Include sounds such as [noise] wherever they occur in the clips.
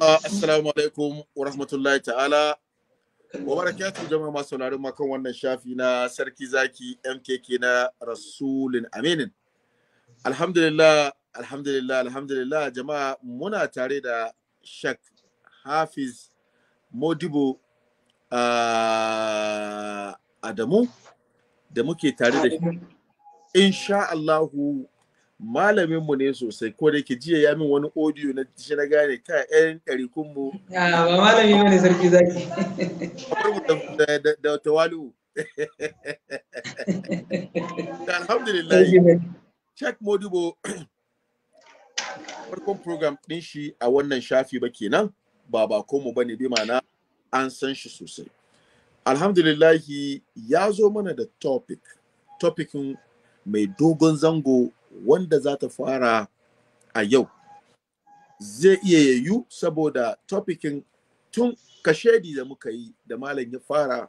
Assalamu alaikum wa rahmatullahi ta'ala. Wa barakatu jama'a masu sauraron makon wannan shafi na Sarki Zaki MKK na Rasulun Aminin. Alhamdulillah, alhamdulillah, alhamdulillah jama'a muna tare da Shak Hafiz Modibo ah, Adamu da muke tare da shi. Insha Allahu malamin mu ne sosai ko da ke jiya ya min wani audio na shi na gane ka yan ɗarikun mu ba malami ba ne sarki zaki da tawalu [laughs] alhamdulillah modibo [clears throat] farkon program ɗin shi a wannan shafi ba kenan ba ba ko mu bane bi mana an san shi sosai alhamdulillahi ya zo mana da topic topicin mai dogon zango wanda za ta fara a yau zai iya yayu saboda topikin tun kashedi da muka yi da malam ya fara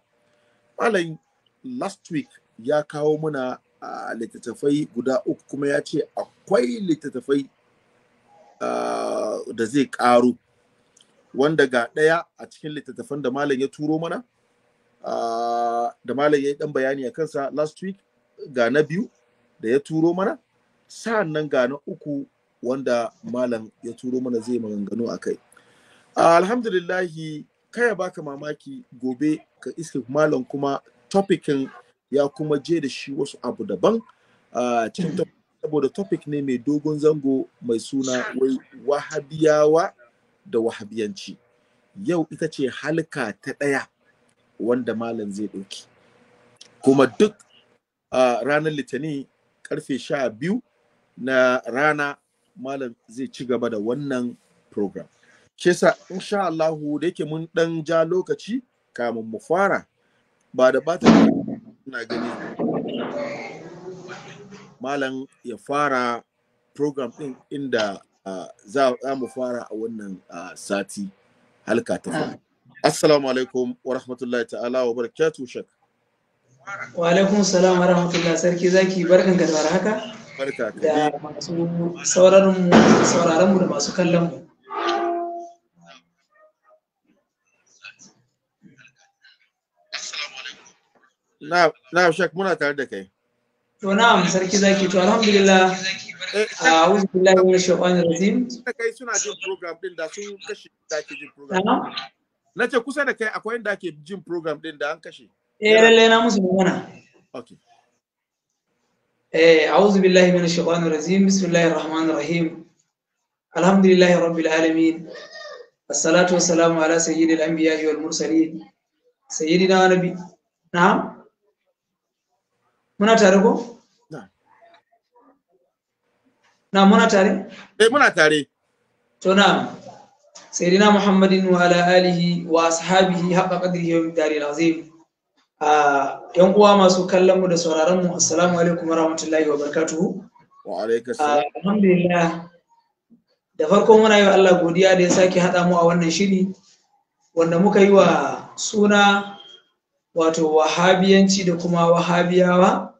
malam last week ya kawo muna a uh, littattafai guda uku kuma ya ce akwai littattafai uh, da zai ƙaru wanda ga ɗaya a cikin littattafan da malam ya turo mana uh, da malam ya yi ɗan bayani a kansa last week ga na biyu da ya turo mana sa'an nan ga na uku wanda malam ya turo mana zai maganganu a kai alhamdulillahi kaya baka mamaki gobe ka iske malam kuma topikin ya kuma je da shi wasu abu daban cikin saboda topik ne mai dogon zango mai suna wai wahabiyawa da wahabiyanci yau ita ce halka ta ɗaya wanda malam zai ɗauki kuma duk ranar litinin karfe sha biyu na rana malam zai ci gaba da wannan program Kesa, yasa insha Allahu da yake mun dan ja lokaci kamun mu fara ba da bata na gani malam ya fara program din inda za mu fara a wannan sati halka ta fara assalamu alaikum wa rahmatullahi ta'ala wa barakatuhu shak wa alaikum salam wa rahmatullahi sarki zaki barkan ka haka da masu sauraron mu da masu kallon mu na na shak muna tare da kai to na'am sarki zaki to alhamdulillah eh, a'udhu billahi minash shaitanir rajim kai suna jin program din da da ke jin program na ce kusa da kai akwai inda ake jin program din da an kashe eh lalle na musu magana okay أعوذ بالله من الشيطان الرجيم بسم الله الرحمن الرحيم الحمد لله رب العالمين الصلاة والسلام على سيد الأنبياء والمرسلين سيدنا نبي نعم muna tare ko? na muna tare? eh muna tare to na سيدنا محمد وعلى آله وأصحابه حق قدره ومقداره العظيم a yan uwa masu kallon mu da sauraron mu assalamu alaikum warahmatullahi wabarakatuhu wa alaikum alhamdulillah da farko muna yi wa Allah godiya da ya sake haɗa mu a wannan shiri wanda muka yi wa suna wato wahabiyanci da kuma wahabiyawa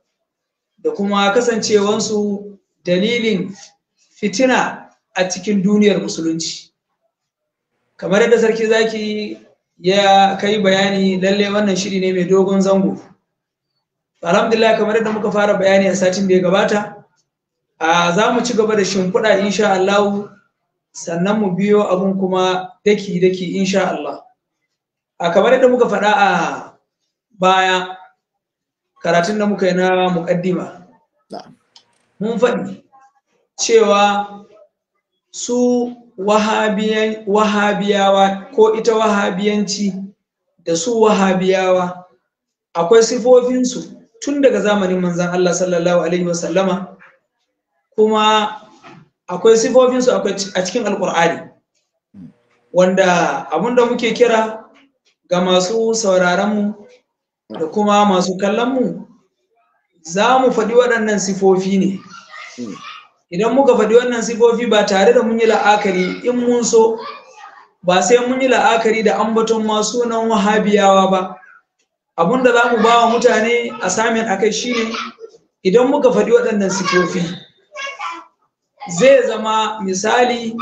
da kuma kasancewansu dalilin fitina a cikin duniyar musulunci kamar yadda sarki zaki ya kai bayani lalle wannan shiri ne mai dogon zango alhamdulillah kamar yadda muka fara bayani a satin da ya gabata a za mu ci gaba da shimfiɗa insha Allah sannan mu biyo abun kuma daki daki insha Allah a kamar yadda muka faɗa a baya karatun da muka yi na muƙaddima mun faɗi cewa su wahabiyawa ko ita wahabiyanci da su wahabiyawa akwai sifofinsu tun daga zamanin manzan Allah sallallahu alaihi wasallama kuma akwai sifofinsu a cikin alkur'ani wanda abinda muke kira ga masu sauraronmu da kuma masu kallonmu za mu faɗi waɗannan sifofi ne hmm. idan muka faɗi wannan sifofi ba tare da mun yi la'akari in mun so ba sai mun yi la'akari da ambaton masu sunan wahabiyawa ba abun da za mu ba wa mutane assignment akai shine idan muka faɗi waɗannan sifofi zai zama misali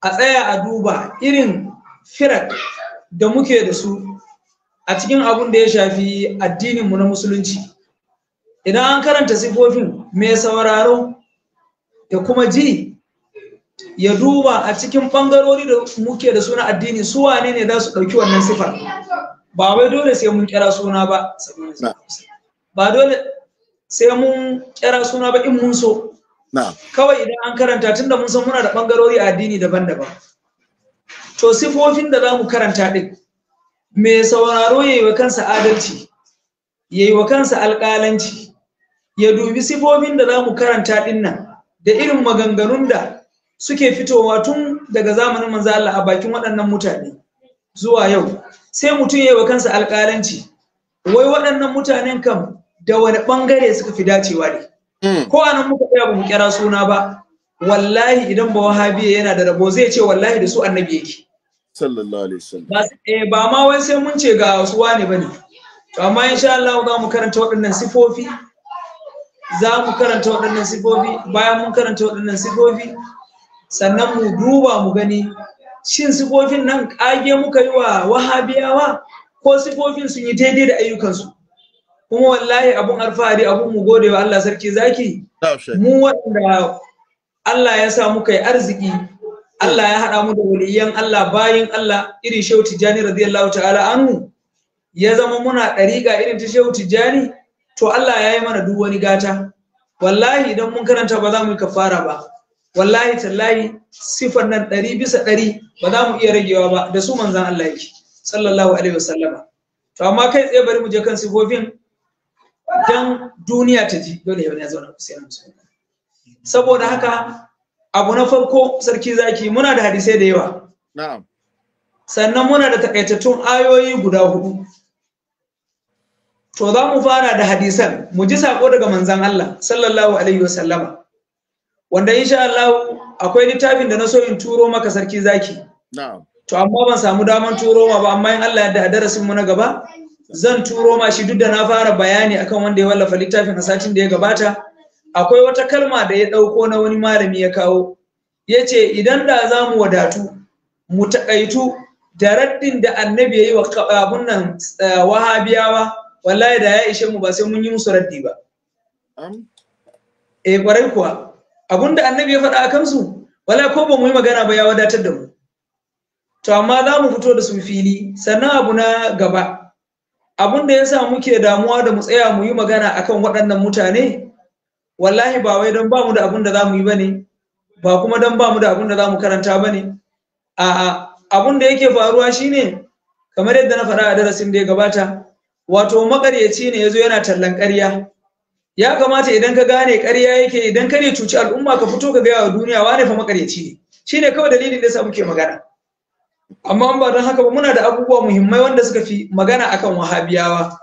a tsaya a duba irin firak da muke da su a cikin abun da ya shafi addininmu na musulunci idan an karanta sifofin mai sauraro ya kuma ji ya duba a cikin bangarori da muke da suna addini su wane ne za su ɗauki wannan sifar ba wai dole sai mun kira suna ba ba dole sai mun kira suna ba in mun so kawai idan an karanta tunda mun san muna da bangarori a addini daban-daban to sifofin da za mu karanta ɗin mai sauraro ya yi wa kansa adalci ya yi wa kansa alƙalanci ya dubi sifofin da za mu karanta ɗin nan da irin maganganun da suke fitowa tun daga zamanin manzo Allah a bakin waɗannan mutane zuwa yau sai mutum ya yi wa kansa alƙalanci wai waɗannan mutanen kam da wani ɓangare suka fi dacewa ne hmm. ko anan muka tsaya ba kira suna ba wallahi idan ba wahabi yana da rabo zai ce wallahi da su annabi yake sallallahu alaihi wasallam ba eh, ma wai sai mun ce ga wasu ne bane to amma insha Allah za mu karanta waɗannan sifofi za mu karanta waɗannan sifofi bayan mun karanta waɗannan sifofi sannan mu duba mu gani shin sifofin nan ƙage muka yi wa wahabiyawa ko sifofin sun yi daidai da ayyukansu kuma wallahi abun alfahari abun mu gode wa Allah sarki zaki mu wanda Allah ya sa muka yi arziki Allah ya haɗa mu da waliyan Allah bayin Allah irin Shehu Tijjani radiyallahu ta'ala anhu ya zama muna ɗariƙa irin ta Shehu Tijjani to Allah ya yi mana duk wani gata wallahi idan mun karanta ba za mu yi kafara ba wallahi tallahi sifar nan ɗari bisa ɗari ba za mu iya ragewa ba da su manzan Allah yake sallallahu alaihi wasallama to amma kai tsaye bari mu je kan sifofin dan duniya ta ji dole ya zo na sai saboda haka abu na farko sarki zaki muna da hadisai da yawa na'am sannan muna da takaitattun ayoyi guda hudu to za mu fara da hadisan mu ji sako daga manzan Allah sallallahu alaihi wasallama wanda insha Allah akwai littafin da na so in turo maka sarki zaki to amma ban samu daman turo ma ba amma in Allah ya da darasin mu na gaba zan turo ma shi duk da na fara bayani akan wanda ya wallafa littafin a satin da ya gabata akwai wata kalma da ya dauko na wani malami ya kawo ya ce idan da za mu wadatu mu takaitu da raddin da annabi ya yi wa abun nan eh, wahabiyawa wallahi da ya ishe mu ba sai mun yi musu raddi ba eh kwarai kuwa abinda annabi ya faɗa a kansu wala ko ba mu yi magana ba ya wadatar da mu to amma za mu fito da su fili sannan abu na gaba Abun da ya sa muke damuwa da mu tsaya mu yi magana akan waɗannan mutane wallahi ba wai don ba mu da abin da za mu yi ba ne ba kuma don ba mu da abin da za mu karanta ba ne a'a abin da yake faruwa shine kamar yadda na faɗa a darasin da ya gabata wato makaryaci ne yazo yana tallan ƙarya ya kamata idan ka gane ƙarya yake idan ka ne cuci al'umma ka fito ka gaya wa duniya wane fa makaryaci ne shine kawai dalilin da sa muke magana amma an ba don haka ba muna da abubuwa muhimmai wanda suka fi magana akan wahabiyawa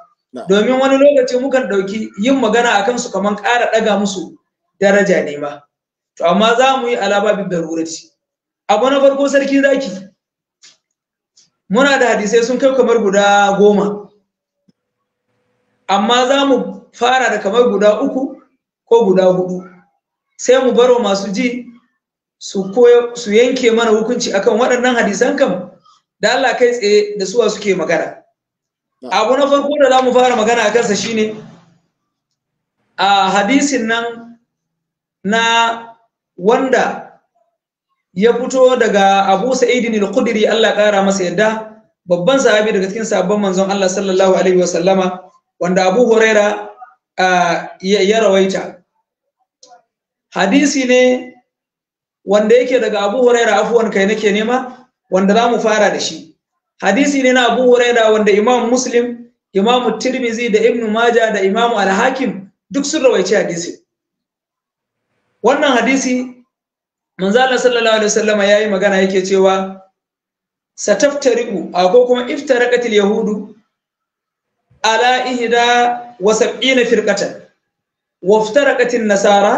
domin wani lokaci mukan ɗauki yin magana akan su kamar ƙara ɗaga musu daraja ne ma to amma za mu yi alaba bi darurati abu na farko sarki zaki muna da hadisai sun kai kamar guda goma amma za mu fara da kamar guda uku ko guda hudu sai mu baro masu ji su yanke mana hukunci akan waɗannan hadisan kam da Allah kai tsaye da suwa suke magana abu na farko da za mu fara magana a kansa shine a hadisin nan na wanda ya fito daga Abu Sa'idin al kudiri Allah ƙara masa yadda babban sahabi daga cikin sabon manzon Allah sallallahu alaihi wa sallama wanda abu huraira ya rawaita hadisi ne wanda yake daga abu huraira afuwan kai nake nema wanda za mu fara da shi hadisi ne na abu huraira wanda imam muslim imam tirmizi da ibn maja da imam al-hakim duk sun rawaici hadisi wannan hadisi manzala sallallahu alaihi wasallama ya magana yake cewa sataftariku ko kuma iftaraqatil yahudu ala ihda wa sab'ina firqatan وافترقت النصارى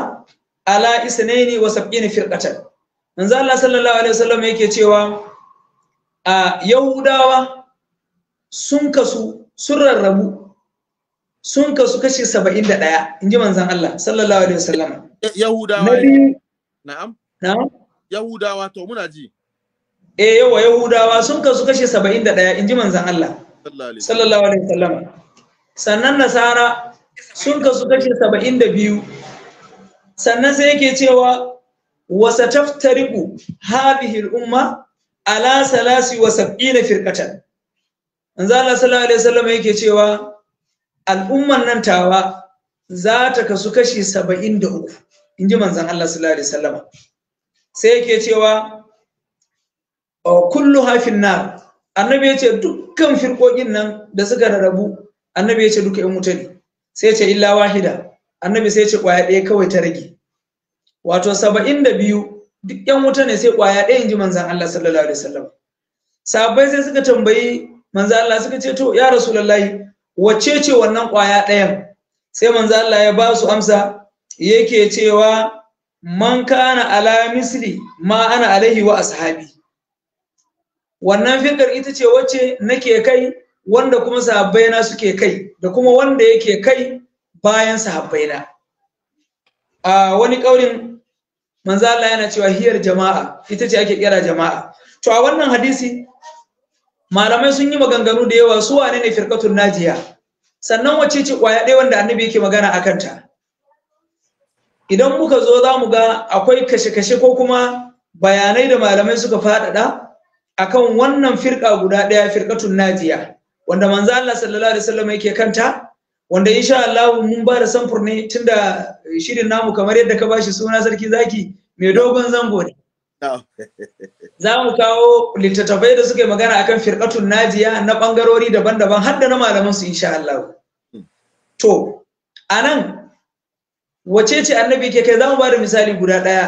على اثنين وسبعين فرقة manzo Allah sallallahu alaihi wasallam yake cewa a Yahudawa sun kasu sun rarrabu sun kasu kashi 71 inji manzon Allah sallallahu alaihi wasallam Yahudawa Yahudawa to muna ji eh yawa Yahudawa sun kasu kashi Allah sallallahu alaihi wasallam sannan nasara sun kasu kashi saba'in da biyu sannan sai yake cewa wasa taftariku hadihil umma ala salasi wa sab'ina firqatan manzo Allah sallallahu alaihi wasallam yake cewa al'umman nan tawa za ta kasu kashi saba'in da uku in ji manzan Allah sallallahu alaihi wasallam sai yake cewa kullu hafin nar annabi ya ce dukkan firkokin nan da suka rarrabu annabi ya ce duka yan wuta ne sai ce illa wahida annabi sai ce kwaya ɗaya kawai ta rage wato saba'in da biyu duk yan wuta ne sai kwaya ɗaya in ji manzan Allah sallallahu alaihi wasallam sahabbai sai suka tambayi manzan Allah suka ce to ya rasulullahi wacce ce wannan kwaya ɗayan sai manzan Allah ya ba su amsa yake cewa man kana ala misli ma ana alaihi wa ashabi wannan fikar ita ce wacce nake kai wanda kuma sahabbaina suke kai da kuma wanda yake kai bayan sahabbaina a wani ƙaurin manzo Allah yana cewa hiyar jama'a ita ce ake kira jama'a to a wannan hadisi malamai sun yi maganganu da yawa su wane ne firqatul najiya sannan wacce ce kwaya ɗaya wanda annabi yake magana a kanta idan muka zo za mu ga akwai kashe-kashe ko kuma bayanai da malamai suka faɗaɗa akan wannan firka guda ɗaya firkatun najiya wanda manzo Allah sallallahu alaihi wasallam yake kanta wanda insha Allah mun ba da samfur ne tunda shirin namu kamar yadda ka bashi suna sarki zaki mai dogon zango ne za mu kawo littattafai da suke magana akan firqatul najiya na bangarori daban-daban har da na malaman su insha Allah hmm. to anan wace ce annabi ke kai za mu ba da misali guda daya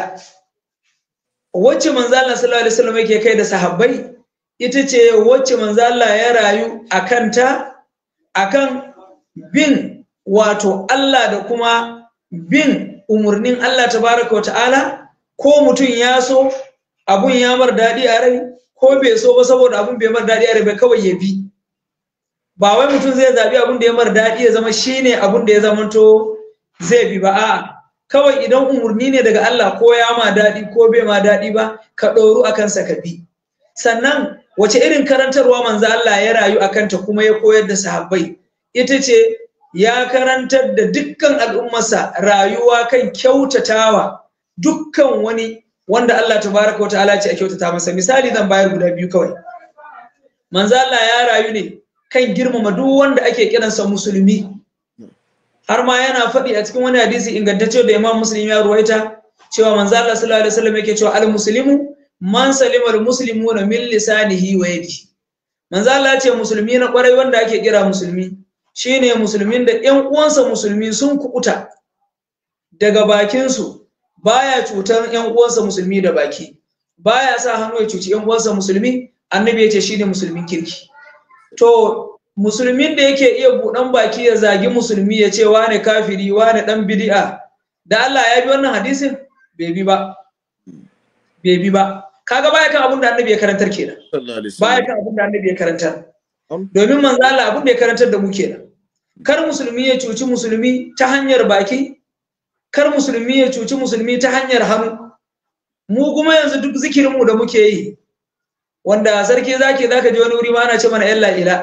wacce manzo Allah sallallahu alaihi wasallam yake kai da sahabbai ita ce wacce manzo Allah ya rayu a kanta akan bin wato Allah da kuma bin umarnin Allah tabaraka wa ta'ala ko mutum ya so abun ya mar daɗi a rai ko bai so ba saboda abun bai mar daɗi a rai bai kawai ya bi ba wai mutum zai zaɓi abun da ya mar daɗi ya zama shine abun da ya to zai bi ba a, kawai idan umarni ne daga Allah ko ya ma daɗi ko bai ma daɗi ba ka ɗoru akan sa ka bi sannan wace irin karantarwa manzo Allah ya rayu akan ta kuma ya koyar da sahabbai ita ce ya karantar da dukkan al'ummarsa rayuwa kan kyautatawa dukkan wani wanda Allah tabaraka ta'ala ce a kyautata masa misali zan bayar guda biyu kawai manzo Allah ya rayu ne kan girmama duk wanda ake kiransa musulmi har ma yana faɗi a cikin wani hadisi ingantacce da Imam Muslim ya ruwaita cewa manzo Allah sallallahu alaihi wasallam yake cewa al-muslimu man salimar na min lisanihi wa yadi manzo Allah ce musulmi na kwarai wanda ake kira musulmi shine musulmin da ƴan uwansa musulmi sun kukuta daga bakinsu baya cutar ƴan uwansa musulmi da baki baya sa hannu ya cuci ƴan uwansa musulmi annabi ya ce shine musulmin kirki to musulmin da yake iya buɗan baki ya zagi musulmi ya ce wane kafiri wane ɗan bid'a da Allah ya bi wannan hadisin bai ba bai bi ba kaga baya kan abin da annabi ya karantar kenan baya kan abin da annabi ya karantar domin manzo Allah abin da ya karantar da mu kenan kar musulmi ya cuci musulmi ta hanyar baki kar musulmi ya cuci musulmi ta hanyar hannu mu kuma yanzu duk zikirin mu da muke yi wanda sarki zake zaka je wani wuri ma ana ce mana illa ila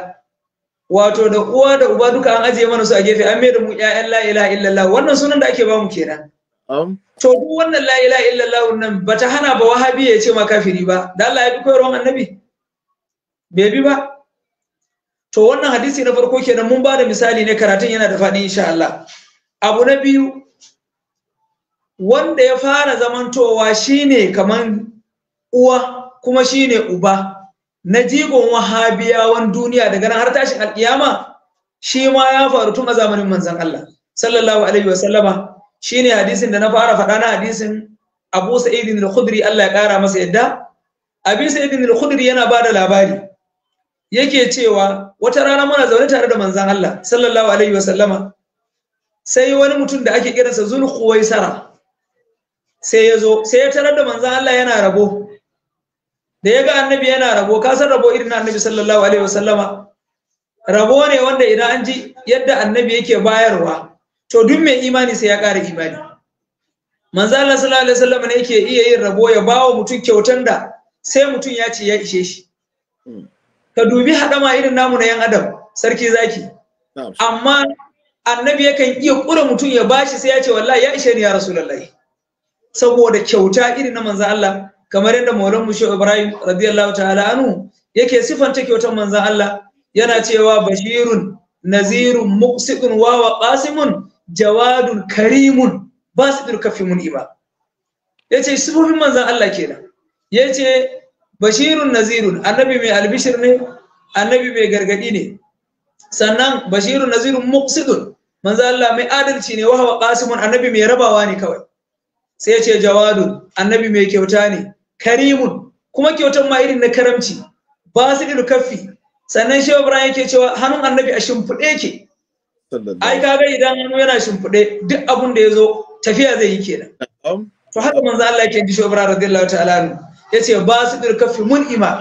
wato da uwa da uba duka an ajiye mana su a gefe an mai da mu ƴaƴan la ilaha illallah wannan sunan da ake ba mu kenan Um, to duk wannan la ilaha illallah nan bata hana ba wahabi ya ce ma kafiri ba da Allah ya bi koyarwan annabi bai bi ba to wannan hadisi na farko kenan mun ba da misali ne karatun yana da faɗi insha Allah abu na biyu wanda ya fara zamantowa shine kaman uwa kuma shine uba na jigon wahabiyawan duniya daga nan har tashin alkiyama shi ma ya faru tun a zamanin manzon Allah sallallahu alaihi wasallama shine hadisin da na fara faɗa na hadisin Abu Sa'id al-Khudri Allah ya ƙara masa yadda Abu Sa'id al-Khudri yana ba da labari yake cewa wata rana muna zaune tare da manzon Allah sallallahu alaihi wa sallama sai wani mutum da ake kiransa khuwaisara sai ya zo sai ya tarar da manzon Allah yana rabo da ya ga annabi yana rabo ka san rabo irin annabi sallallahu alaihi wa sallama rabo ne wanda idan an ji yadda annabi yake bayarwa to duk mai imani sai ya ƙara imani manzo Allah sallallahu alaihi wasallam ne yake iya yin rabo ya bawa mutum kyautan da sai mutum ya ce ya ishe shi hmm. ka dubi hadama irin namu na yan adam sarki zaki amma annabi yakan iya kura mutum ya bashi sai ya ce wallahi ya ishe ni ya rasulullahi saboda kyauta irin na manzo Allah kamar yadda maulan mu shehu ibrahim radiyallahu ta'ala anu yake sifanta kyautar manzo Allah yana cewa bashirun nazirun muqsitun wa wa qasimun jawadun karimun ba su ɗirka mun muni ba ya ce sufofin manzan Allah kenan ya ce bashirun nazirun annabi mai albishir ne annabi mai gargadi ne sannan bashirun nazirun muqsidun manzan Allah mai adalci ne wahawa qasimun annabi mai rabawa ne kawai sai ya ce jawadun annabi mai kyauta ne karimun kuma kyautan ma irin na karamci ba su ɗirka sannan shehu ibrahim yake cewa hannun annabi a shimfiɗe ke ai kaga idan hannu yana shimfiɗe duk abun da ya zo tafiya zai yi kenan to haka manzo Allah yake ji shobra radiyallahu ta'ala yace ba su kafi mun ima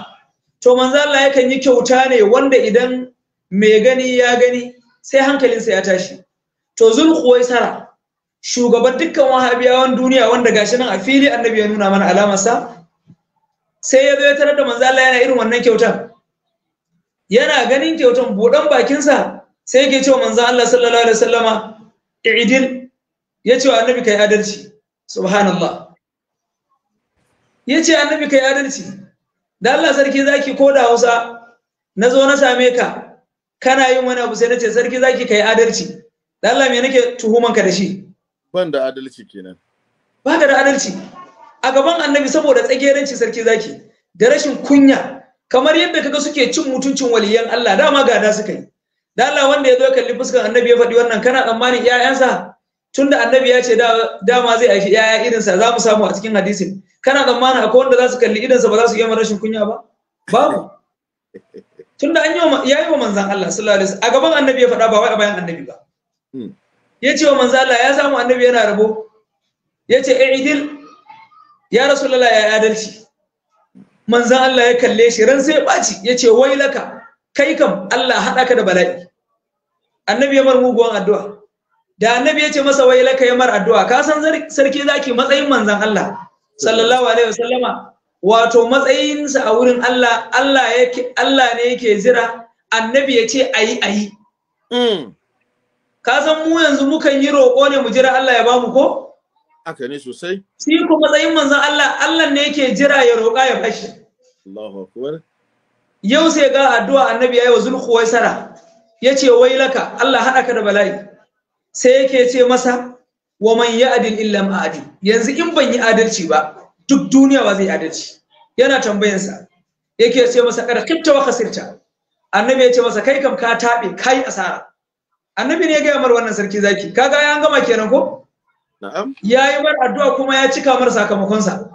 to manzo Allah yakan yi kyauta ne wanda idan mai gani ya gani sai hankalinsa ya tashi to zul sara shugaban dukkan wahabiyawan duniya wanda gashi nan a fili annabi ya nuna mana alamarsa sai ya zo ya tarar da manzo Allah yana irin wannan kyautan yana ganin kyautan buɗan bakinsa sai yake cewa manzo Allah sallallahu alaihi wasallama i'dil ya ce wa annabi kai adalci subhanallah ya ce annabi kai adalci da Allah sarki zaki ko da Hausa na zo na same ka kana yin wani abu sai na ce sarki zaki kai adalci da Allah me nake tuhuman ka da shi ban da adalci kenan ba ka da adalci a gaban annabi saboda tsageranci sarki zaki da rashin kunya kamar yadda kaga suke cin mutuncin waliyan Allah dama gada suka yi da Allah wanda ya zo kalli fuskar annabi ya faɗi wannan kana tsammanin ƴaƴansa tunda annabi ya ce dama zai aishi ƴaƴa irinsa za mu samu a cikin hadisin kana tsammanin akwai wanda za su kalli irinsa ba za su yi rashin kunya ba babu tunda an yi ya yi wa manzan Allah sallallahu alaihi a gaban annabi ya faɗa ba wai a bayan annabi ba hmm. ya ce wa manzan Allah ya samu annabi yana rabo ya ce eh, i'dil ya rasulullah ya adalci manzan Allah ya kalle shi ran sai ya ɓaci ya ce wai laka kai kam Allah haɗa ka da bala'i annabi ya mar muguwan addu'a da annabi ya ce masa wai laka ya mar addu'a ka san sarki zaki matsayin manzon Allah sallallahu alaihi wasallama wato sa a wurin Allah Allah yake Allah ne yake zira annabi ya ce ayi ayi mm. ka san mu yanzu mukan yi roƙo ne mu jira Allah ya mu ko haka ne sosai shi ko matsayin manzon Allah Allah ne yake jira ya roƙa ya fashi Allahu akbar yau sai ga addu'a annabi yayi wa zulkhuwaisara yace laka Allah haɗa ka da bala'i sai yake ce masa wa man ya'dil illa adil yanzu in ban yi adalci ba duk duniya ba zai adalci yana sa yake ce masa kada kibta wa khasirta annabi ya ce masa kai kam ka tabe kai asara annabi ne ya gaya mar wannan sarki zaki kaga ya gama kenan ko na'am yayi mar addu'a kuma ya cika mar sakamakonsa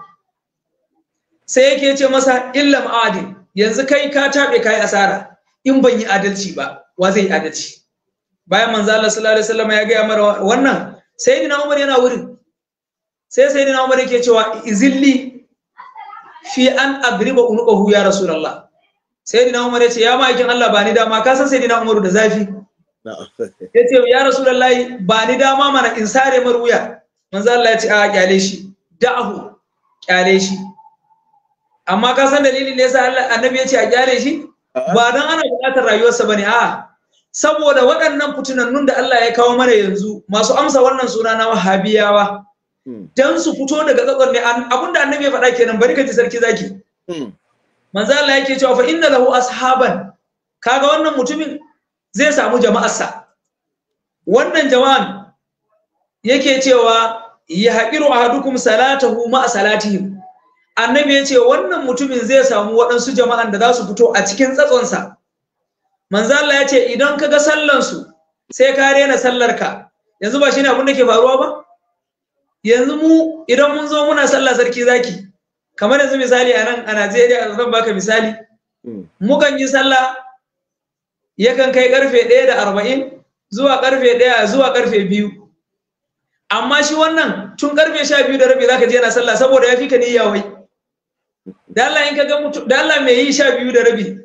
sai yake ce masa illa adil yanzu kai ka tabe kai asara in ban yi adalci ba wa zai yi adalci bayan manzo Allah sallallahu alaihi wasallam ya gaya mara wannan sayyidina Umar yana wurin sai sayyidina Umar yake cewa izilli fi an adriba unuqahu ya rasulullah sayyidina Umar yace ya ma'aikin Allah ba ni dama ka san sayyidina Umar da zafi [laughs] yace ya rasulullah ba ni dama mana in sare mar wuya manzo Allah yace a kyale shi da'ahu kyale shi amma ka san dalilin da yasa Allah annabi yace a kyale shi ba dan ana buƙatar rayuwarsa ba ne? a saboda waɗannan fitinannun da Allah ya kawo mana yanzu masu amsa wannan suna na wahabiyawa hmm. dan su fito daga tsatsar ne abinda annabi ya faɗa kenan bari ka ji sarki zaki hmm. manzo Allah yake cewa fa inna lahu ashaban kaga wannan mutumin zai samu jama'arsa wannan jama'an yake cewa ya haƙiru ahadukum salatahu ma salatihim annabi ya ce wannan mutumin zai samu waɗansu jama'an da za su fito a cikin tsatsonsa manzo Allah ya ce idan ka ga sallansu sai ka rena sallarka yanzu ba shine abin da ke faruwa ba yanzu mu idan mun zo muna sallah sarki zaki kamar yanzu misali a nan a Najeriya zan baka misali hmm. mukan yi sallah yakan kai karfe ɗaya da arba'in zuwa karfe 1 zuwa karfe biyu amma shi wannan tun karfe 12 da rabi zaka je na sallah saboda yafi ka niyya wai da Allah in ka ga mutum da Allah yi sha biyu da rabi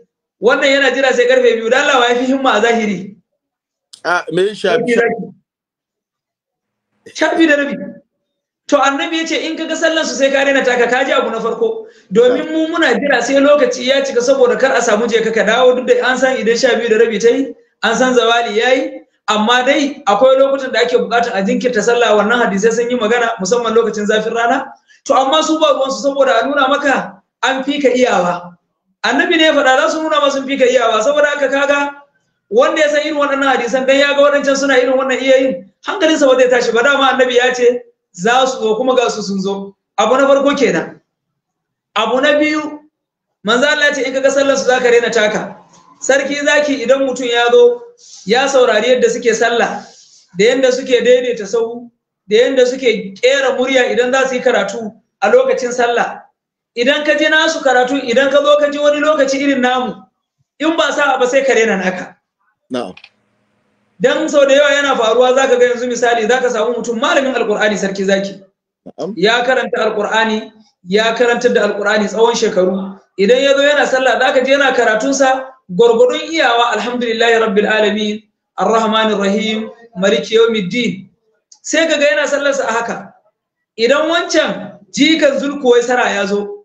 wannan yana jira sai karfe biyu da Allah wa yafi himma a zahiri a mai sha biyu sha biyu da rabi to annabi yace in ka ga sallan su sai ka rena taka ka ji abu na farko domin mu muna jira sai lokaci ya cika saboda kar a samu je ka dawo duk da an san idan sha biyu da rabi ta yi an san zawali yayi amma dai akwai lokutan da ake bukatar a jinkirta sallah wannan hadisai sun yi magana musamman lokacin zafin rana to amma su ba su saboda a nuna maka an fi ka iyawa annabi ne ya faɗa za su nuna ma sun fi ka iyawa saboda haka kaga wanda ya san irin waɗannan hadisan dan ya ga waɗancan suna irin wannan iyayin sa ba zai tashi ba dama annabi ya ce za su zo kuma ga su sun zo abu na farko kenan abu na biyu manzo Allah ce in ka ga sallar su zaka rena taka sarki zaki idan mutum ya zo ya saurari yadda suke sallah da yadda suke daidaita sahu da yadda suke kera murya idan za su yi karatu a lokacin sallah idan ka je nasu karatu idan ka zo ka ji wani lokaci irin namu in ba sa ba sai ka rena naka dan sau da yawa yana faruwa zaka ga yanzu misali zaka samu mutum malamin alqur'ani sarki zaki ya karanta alqur'ani ya karanta da alkur'ani tsawon shekaru idan ya zo yana sallah zaka je yana sa gwargwadon iyawa alhamdulillahi rabbil alamin arrahmanir rahim maliki yawmiddin sai kaga yana sallarsa a haka idan wancan jikan zulkuwai sara ya zo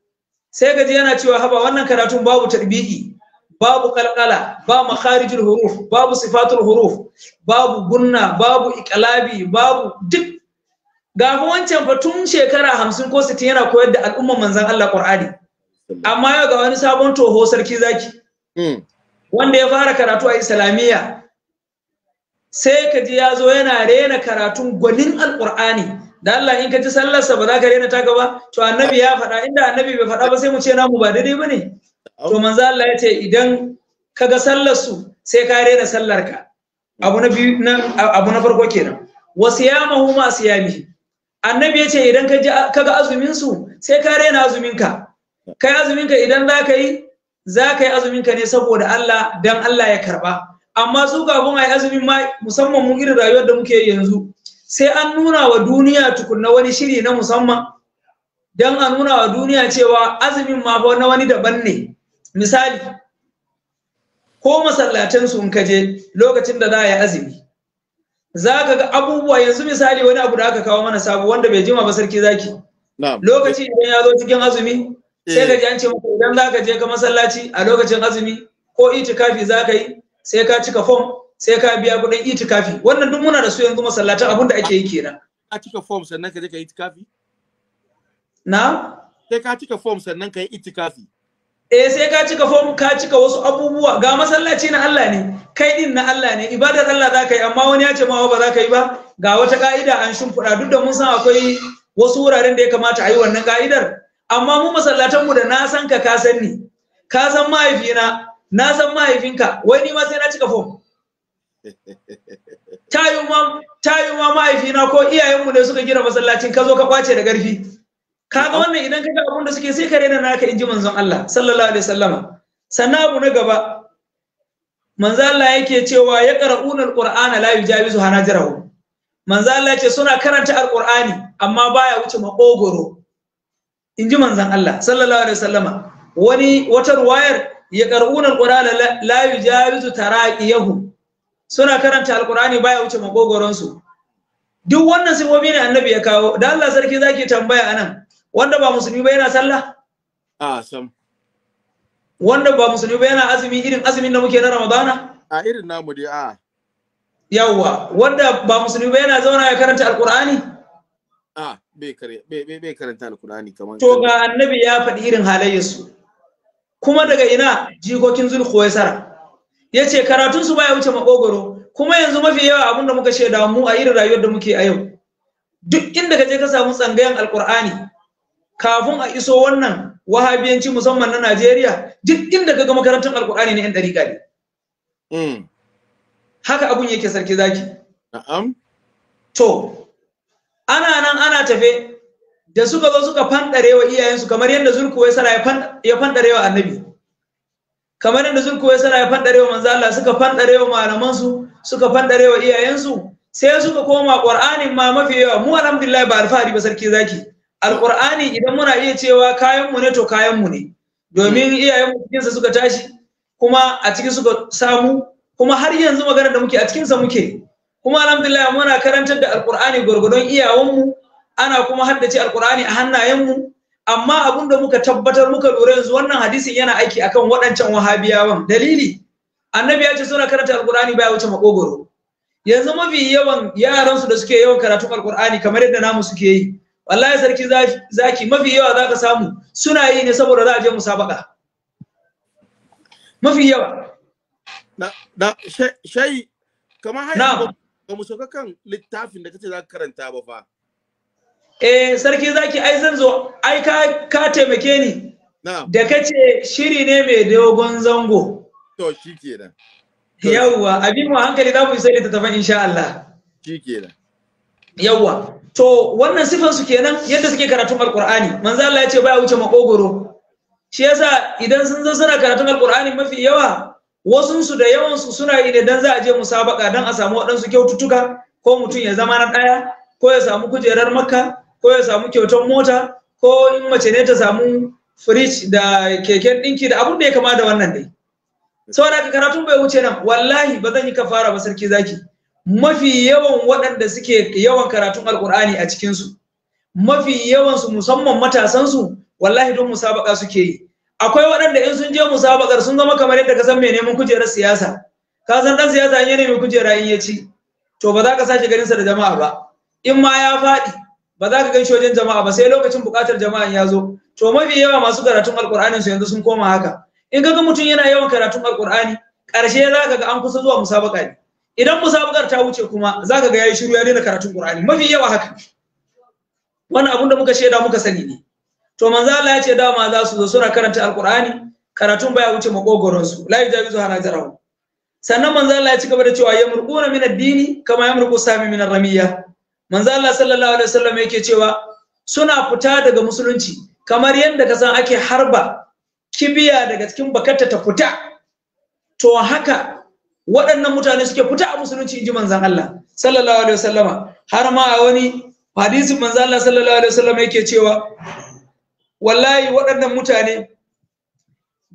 sai gaji yana cewa haba wannan karatun babu tarbiki babu kalkala ba makharijul huruf babu sifatul huruf babu gunna babu iqlabi babu duk ga wancan fa tun shekara hamsin ko sittin yana koyar da al'umman manzan Allah Qur'ani amma yau ga wani sabon toho sarki zaki hmm. wanda ya fara karatu a islamiyya sai kaji ji ya zo yana rena karatun gwanin alƙur'ani da Allah in ka ji sallarsa ba za ka rena taka ba to annabi ya faɗa inda annabi bai faɗa ba sai mu ce namu ba daidai ba ne to manzo Allah ya ce idan ka ga sallarsu sai ka rena sallarka abu na biyu na abu na farko kenan wasu yamahu ma siyami annabi ya ce idan ka ji ka ga azumin su sai ka rena azumin ka kai azumin ka idan za ka yi za ka yi azumin ka ne saboda Allah dan Allah ya karba amma su kafin a yi azumin ma musamman mun irin rayuwar da muke yanzu sai an nuna wa duniya tukunna wani shiri na musamman don a nuna wa duniya cewa azumin ma na wani daban ne misali ko masallatan sun kaje lokacin da za a yi azumi za ka ga abubuwa yanzu misali wani abu da aka kawo mana sabo wanda bai jima ba sarki zaki lokaci idan ya zo cikin azumi sai ka eh. ji an ce maka idan za ka je ka masallaci a lokacin azumi ko itikafi za ka yi sai ka cika fom sai ka biya kuɗin itikafi wannan duk muna da su yanzu masallatan abin da ake yi kenan ka cika form sannan ka je ka yi itikafi na sai ka cika form sannan ka yi itikafi eh sai ka cika form ka cika wasu abubuwa ga masallaci na Allah ne kai din na Allah ne ibadar Allah za ka yi amma wani ya ce ma ba za ka yi ba ga wata ka'ida an shimfiɗa duk da mun san akwai wasu wuraren da ya kamata a yi wannan ka'idar amma mu masallatan mu da na san ka ka san ni ka san mahaifina na san mahaifinka wai ni ma sai na cika form ta yi ma mahaifina ko iyayenmu ne suka gina masallacin ka zo ka kwace da ƙarfi kaga wannan idan kaga abun da suke sai ka rena naka inji manzon Allah sallallahu alaihi wasallama sannan abu na gaba manzo Allah yake cewa ya qara'una alqur'ana la yujawizu hanajarahu manzo Allah yace suna karanta alqur'ani amma baya wuce makogoro inji manzon Allah sallallahu alaihi wasallama wani wata ruwayar ya qara'una alqur'ana la yujawizu taraqiyahu suna karanta alkur'ani baya wuce makogoronsu duk wannan sifofi ne annabi ya kawo da Allah sarki zaki tambaya anan wanda ba musulmi ba yana sallah sam wanda ba musulmi ba yana azumi irin azumin da muke na ramadana a irin namu dai a yawwa wanda ba musulmi ba yana zauna ya karanta alkur'ani a bai karanta alkur'ani kamar to ga annabi ya faɗi irin halayyarsu kuma daga ina jikokin zulkhuwaisara ya ce karatunsu baya wuce makogoro kuma yanzu mafi yawa abin da muka shaida mu a irin rayuwar da muke a yau duk inda ka je ka samu tsangayan alkur'ani kafin a iso wannan wahabiyanci musamman na najeriya duk inda ka ga makarantun alkur'ani na yan dariƙa ne hmm. haka abun yake sarki zaki na'am to ana nan ana tafe da suka zo suka fanɗarewa iyayensu kamar yadda zulku ya sara ya fanɗarewa annabi kamar yadda sun koyi suna fanɗare manzo Allah suka fandarewa malaman su suka fandarewa iyayen su sai suka koma qur'anin ma mafi yawa mu alhamdulillah ba alfahari ba sarki zaki alqur'ani idan muna iya cewa kayan mu ne to kayan mu ne domin iyayen mu cikin suka tashi kuma a cikin suka samu kuma har yanzu magana da muke a cikin sa muke kuma alhamdulillah muna karantar da alqur'ani gurgudon iyawan mu ana kuma haddace alqur'ani a hannayen mu amma abin da muka tabbatar muka lura yanzu wannan hadisin yana aiki akan waɗancan wahabiyawan dalili annabi ya ce suna karanta alqur'ani baya wuce makogoro yanzu mafi yawan yaransu da suke yawan karatu alkur'ani kamar yadda namu suke yi wallahi sarki zaki mafi yawa za ka samu suna yi ne saboda za a je musabaka mafi yawa na shayi kamar hanyar ba mu kan littafin da kace za ka karanta ba fa eh sarki zaki ai zan zo ai ka ka taimake ni da kace shiri ne mai dogon zango to shikenan yawwa abin mu hankali za mu isa ta tafi insha Allah shikenan yawwa to wannan sifan su kenan yadda suke karatun alqur'ani manzo Allah ya ce baya wuce makogoro shi yasa idan sun zo suna karatun alqur'ani mafi yawa wasu su da yawan su suna yi ne dan za a je musabaka dan a samu waɗansu kyaututtuka ko mutum ya zama na ɗaya ko ya samu kujerar makka ko ya samu kyautar mota ko in mace ne ta samu fridge da keken ɗinki da abun da ya kama da wannan dai saboda karatun bai wuce nan wallahi ba zan yi kafara ba sarki zaki mafi yawan waɗanda suke yawan karatun alkur'ani a cikinsu mafi yawansu musamman matasansu wallahi don musabaka suke yi akwai waɗanda in sun je musabakar sun zama kamar yadda ka san mai neman kujerar siyasa ka san ɗan siyasa in ya nemi kujera in ya ci to ba za ka sake ganin sa da jama'a ba in ma ya faɗi ba za ka gan shi wajen jama'a ba sai lokacin buƙatar jama'a ya zo to mafi yawa masu karatun alƙur'anin su yanzu sun koma haka in ka ga mutum yana yawan karatun alƙur'ani ƙarshe za ka ga an kusa zuwa musabaka ne idan musabakar ta wuce kuma za ka ga yayi shiru ya daina karatun ƙur'ani mafi yawa haka wannan abun da muka shaida muka sani ne to manzo Allah ya ce dama za su zo suna karanta alƙur'ani karatun baya wuce makogoron su la yujawizu jarahu sannan manzo Allah ya ci gaba da cewa yamruquna min ad-dini kama yamruqu sami min ar-ramiyya manzo Allah sallallahu alaihi wasallam yake cewa suna fita daga musulunci kamar yadda ka san ake harba kibiya daga cikin bakarta ta fita to haka waɗannan mutane suke fita a musulunci inji manzon Allah sallallahu alaihi wasallam har ma a wani hadisi manzo Allah sallallahu alaihi wasallam yake cewa wallahi waɗannan mutane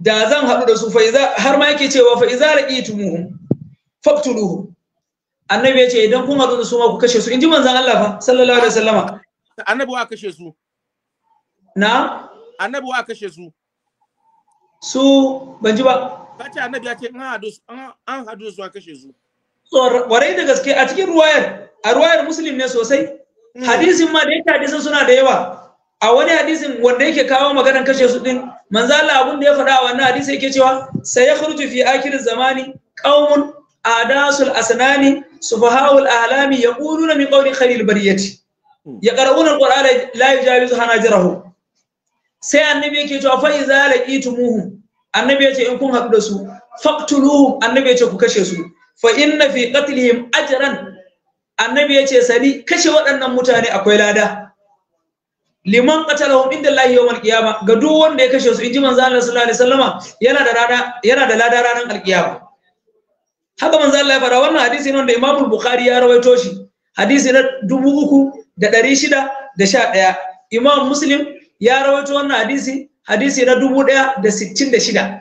da zan haɗu da su fa har ma yake cewa fa iza raqitumuhum faqtuluhum annabi ya ce idan kun haɗu da su ma ku kashe su in ji manzan Allah fa sallallahu alaihi wasallama annabi wa kashe su na annabi wa kashe su su ban ji ba kace annabi ya ce in haɗu an haɗu su wa kashe su warai da gaske a cikin ruwayar a ruwayar muslim ne sosai hmm. hadisin ma da yake hadisin suna da yawa a wani hadisin wanda yake kawo maganar kashe su din manzo Allah abin da ya faɗa a wannan hadisi yake cewa sai ya fi akhir zamani qaumun adasul asnani sufahaul ahlami yaquluna min qawli khairil bariyati yaqrauna alqur'ana la yujawizu hanajirahum sai annabi yake cewa fa idza laqitumuhum annabi yace in kun haɗu da su faqtuluhum annabi yace ku kashe su fa inna fi qatlihim ajran annabi yace sani kashe waɗannan mutane akwai lada liman qatalahum inda Allah yawmal qiyama ga duk wanda ya kashe su inji manzo Allah sallallahu alaihi wasallama yana da yana da lada ranar alqiyama haka manzo Allah ya fara wannan hadisi ne wanda Imam Bukhari ya rawaito shi hadisi na 3611 Imam Muslim ya rawaito wannan hadisi hadisi na 1066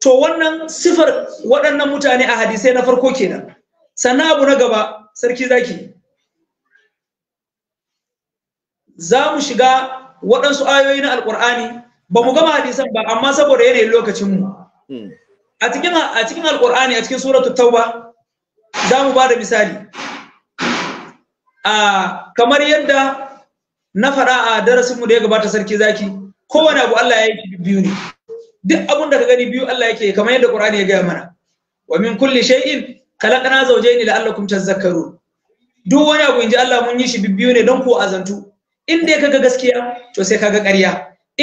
to wannan sifar waɗannan mutane a hadisai na farko kenan sannan abu na gaba sarki zaki za mu shiga waɗansu ayoyi na alƙur'ani ba mu gama hadisan ba amma saboda yanayin lokacinmu hmm. a cikin a cikin alqur'ani a cikin suratul tauba za mu bada misali a kamar yadda na faɗa a darasin mu da ya gabata sarki zaki kowane abu Allah ya yi biyu ne duk abun da ka gani biyu Allah yake kamar yadda Qur'ani ya gaya mana wa min kulli shay'in khalaqna zawjayn la'allakum tadhakkarun duk wani abu inji Allah mun yi shi biyu ne don ku azantu in dai kaga gaskiya to sai kaga ƙarya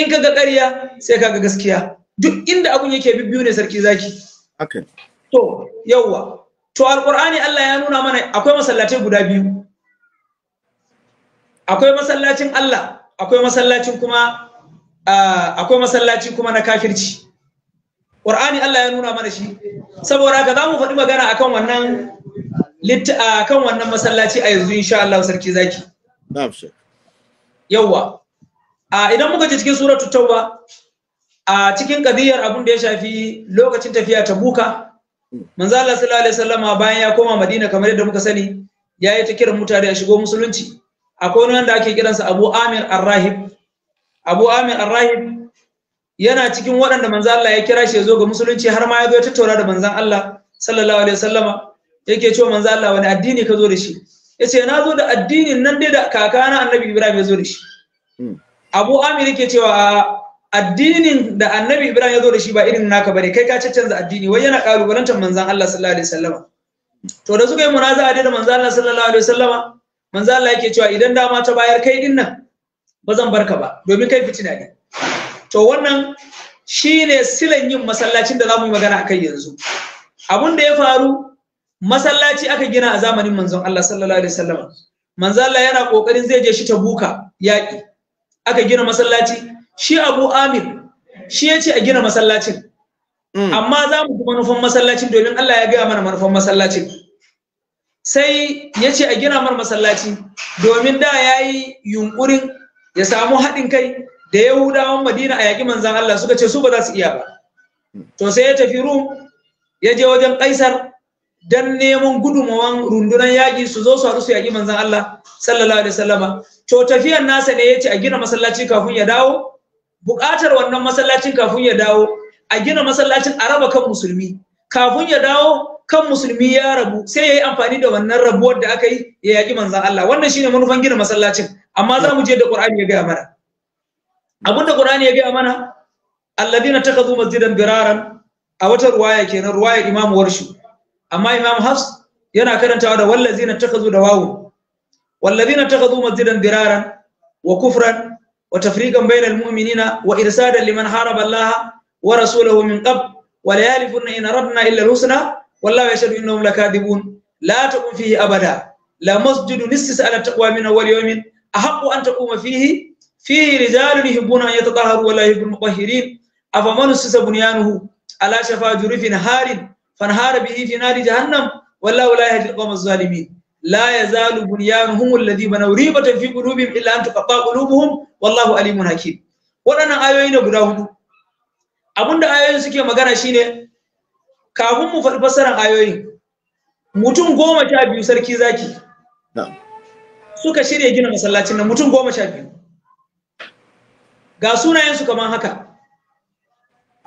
in kaga ƙarya sai kaga gaskiya duk inda abun yake bi biyu ne sarki zaki okay. to yawwa to alqur'ani Allah ya nuna mana akwai masallatai guda biyu akwai masallacin Allah akwai masallacin kuma akwai masallaci kuma na kafirci qur'ani Allah ya nuna mana shi saboda haka za mu faɗi magana akan wannan akan wannan masallaci a yanzu insha Allah sarki zaki na'am shek yawa idan muka je cikin suratul tauba a cikin kadiyar abin da ya shafi lokacin tafiya ta buka manzo Allah sallallahu alaihi wasallama bayan ya koma Madina kamar yadda muka sani ya yi ta kiran mutane a shigo musulunci akwai wani wanda ake kiransa Abu Amir Ar-Rahib Abu Amir Ar-Rahib yana cikin waɗanda manzo Allah ya kira shi ya zo ga musulunci har ma ya zo ya tattauna da manzon Allah sallallahu alaihi wasallama yake cewa manzo Allah wani addini ka zo da shi yace na zo da addinin nan dai da kakana Annabi Ibrahim ya zo da shi hmm. Abu Amir yake cewa addinin da annabi ibrahim ya zo da shi ba irin naka bane kai ka canza addini wai yana kalubalantar manzan allah sallallahu alaihi wasallama to da suka yi munaza'a da manzan allah sallallahu alaihi wasallama manzan allah yake cewa idan dama ta bayar kai din nan ba zan barka ba domin kai fitina ne to wannan shine silan yin masallacin da zamu yi magana akai yanzu abun da ya faru masallaci aka gina a zamanin manzon allah sallallahu alaihi wasallama manzan allah yana kokarin zai je shi ta buka yaƙi aka gina masallaci shi abu amir shi ya ce a gina masallacin hmm. amma za mu fi manufan masallacin domin allah ya gaya mana manufan masallacin sai ya ce a gina mana masallaci domin da ya yi yunkurin ya samu haɗin kai da yahudawan madina a yaƙi manzan allah suka ce su ba za su iya ba to sai ya tafi ru ya je wajen kaisar dan neman gudunmawan rundunar yaƙi su zo su haɗu su yaƙi manzan Allah sallallahu alaihi wasallama to tafiyan nasa ne ya ce a gina masallaci kafin ya dawo buƙatar wannan masallacin kafin ya dawo a gina masallacin a raba kan musulmi kafin ya dawo kan musulmi ya rabu sai ya yi amfani da wannan rabuwar da aka yi ya yaƙi manzan Allah wannan shine manufan gina masallacin amma za mu je da Qur'ani ya gaya mana Abun da Qur'ani ya gaya mana alladina takazu masjidan biraran a wata ruwaya kenan ruwaya Imam warshi amma imam hafs yana karantawa da wallazina takazu da wawu wallazina takazu masjidan biraran wa kufran وتفريقا بين المؤمنين وإرسادا لمن حارب الله ورسوله من قبل ولا يحلفن إن أردنا إلا الحسنى والله يشهد إنهم لكاذبون لا تقوم فيه أبدا لا مسجد نسس على التقوى من أول يوم أحق أن تقوم فيه فيه رجال يحبون أن يتطهروا ولا يحب المطهرين أفمن أسس بنيانه على شفا جرف نهار فانهار به في نار جهنم والله لا يهدي القوم الظالمين la yazalu bunyanuhum alladhi banaw ribatan fi qulubihim illa an tuqatta qulubuhum wallahu alimun hakim waɗannan ayoyi ne guda hudu abinda ayoyin suke magana shine kafin mu faɗi fassarar ayoyin mutum goma sha biyu sarki zaki suka shirya gina masallacin nan mutum goma sha biyu ga sunayensu kamar haka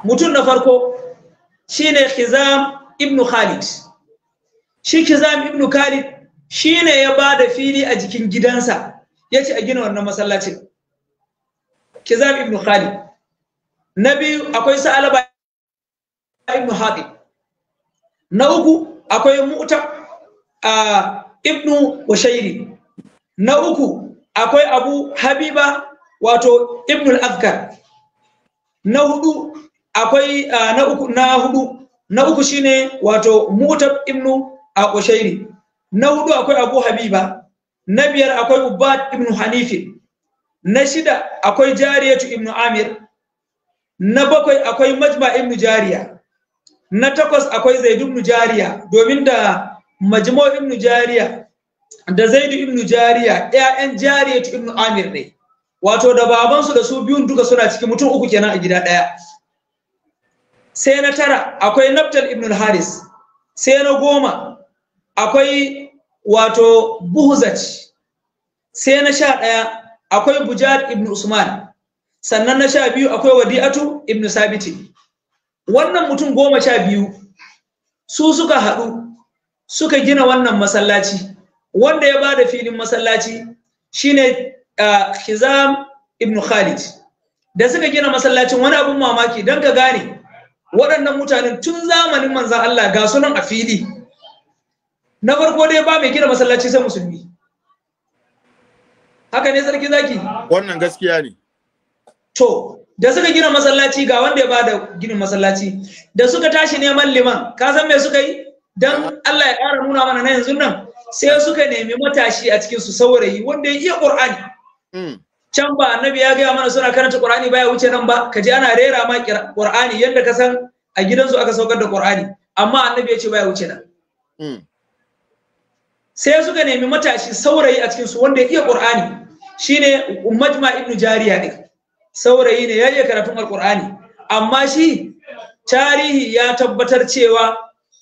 mutum na farko shine khizam ibnu khalid shi khizam ibnu khalid shine ya ba da fili a jikin gidansa ya ce a gina wannan masallacin kizab ibn Khali. na biyu akwai sa'alaba ibn Haɗi. na uku akwai mu'ta a ibn washairi na uku akwai abu habiba wato ibn al-afkar na hudu akwai na uku na hudu na uku shine wato mu'ta ibn a washairi na hudu akwai abu habiba na biyar akwai ubad ibn hanifi na shida akwai jariyatu ibn amir na bakwai akwai majma ibn jariya na takwas akwai zaid ibn jariya domin da Majma ibn jariya da zaid ibn jariya ƴaƴan jariyatu ibn amir ne wato da baban su da su biyun duka suna cikin mutum uku kenan a gida ɗaya sai na tara akwai naftal ibn haris sai na goma akwai wato buhuzat sai na sha ɗaya akwai bujar ibn usman sannan na sha biyu akwai wadi'atu ibn sabiti wannan mutum goma sha biyu su suka haɗu suka gina wannan masallaci wanda ya ba da filin masallaci shine uh, hizam ibn khalid da suka gina masallacin wani abun mamaki don ka gane waɗannan mutanen tun zamanin manzan Allah ga sunan a fili na farko dai ba mai gina masallaci sai musulmi haka ne sarki zaki wannan gaskiya ne to da suka gina masallaci ga wanda ya bada ginin masallaci da suka tashi neman liman ka san me suka yi dan Allah ya ƙara nuna mana na yanzu nan sai suka nemi matashi a cikin su saurayi wanda ya iya Qur'ani mm. can ba annabi ya gaya mana suna karanta Qur'ani baya wuce nan ba kaje ana rera ma Qur'ani yadda ka san a gidansu aka saukar da Qur'ani amma annabi ya ce baya wuce nan mm. sai suka nemi matashi saurayi a cikinsu wanda ya iya ƙur'ani shine majma ibn jariya ne saurayi ne ya iya karatun alƙur'ani amma shi tarihi ya tabbatar cewa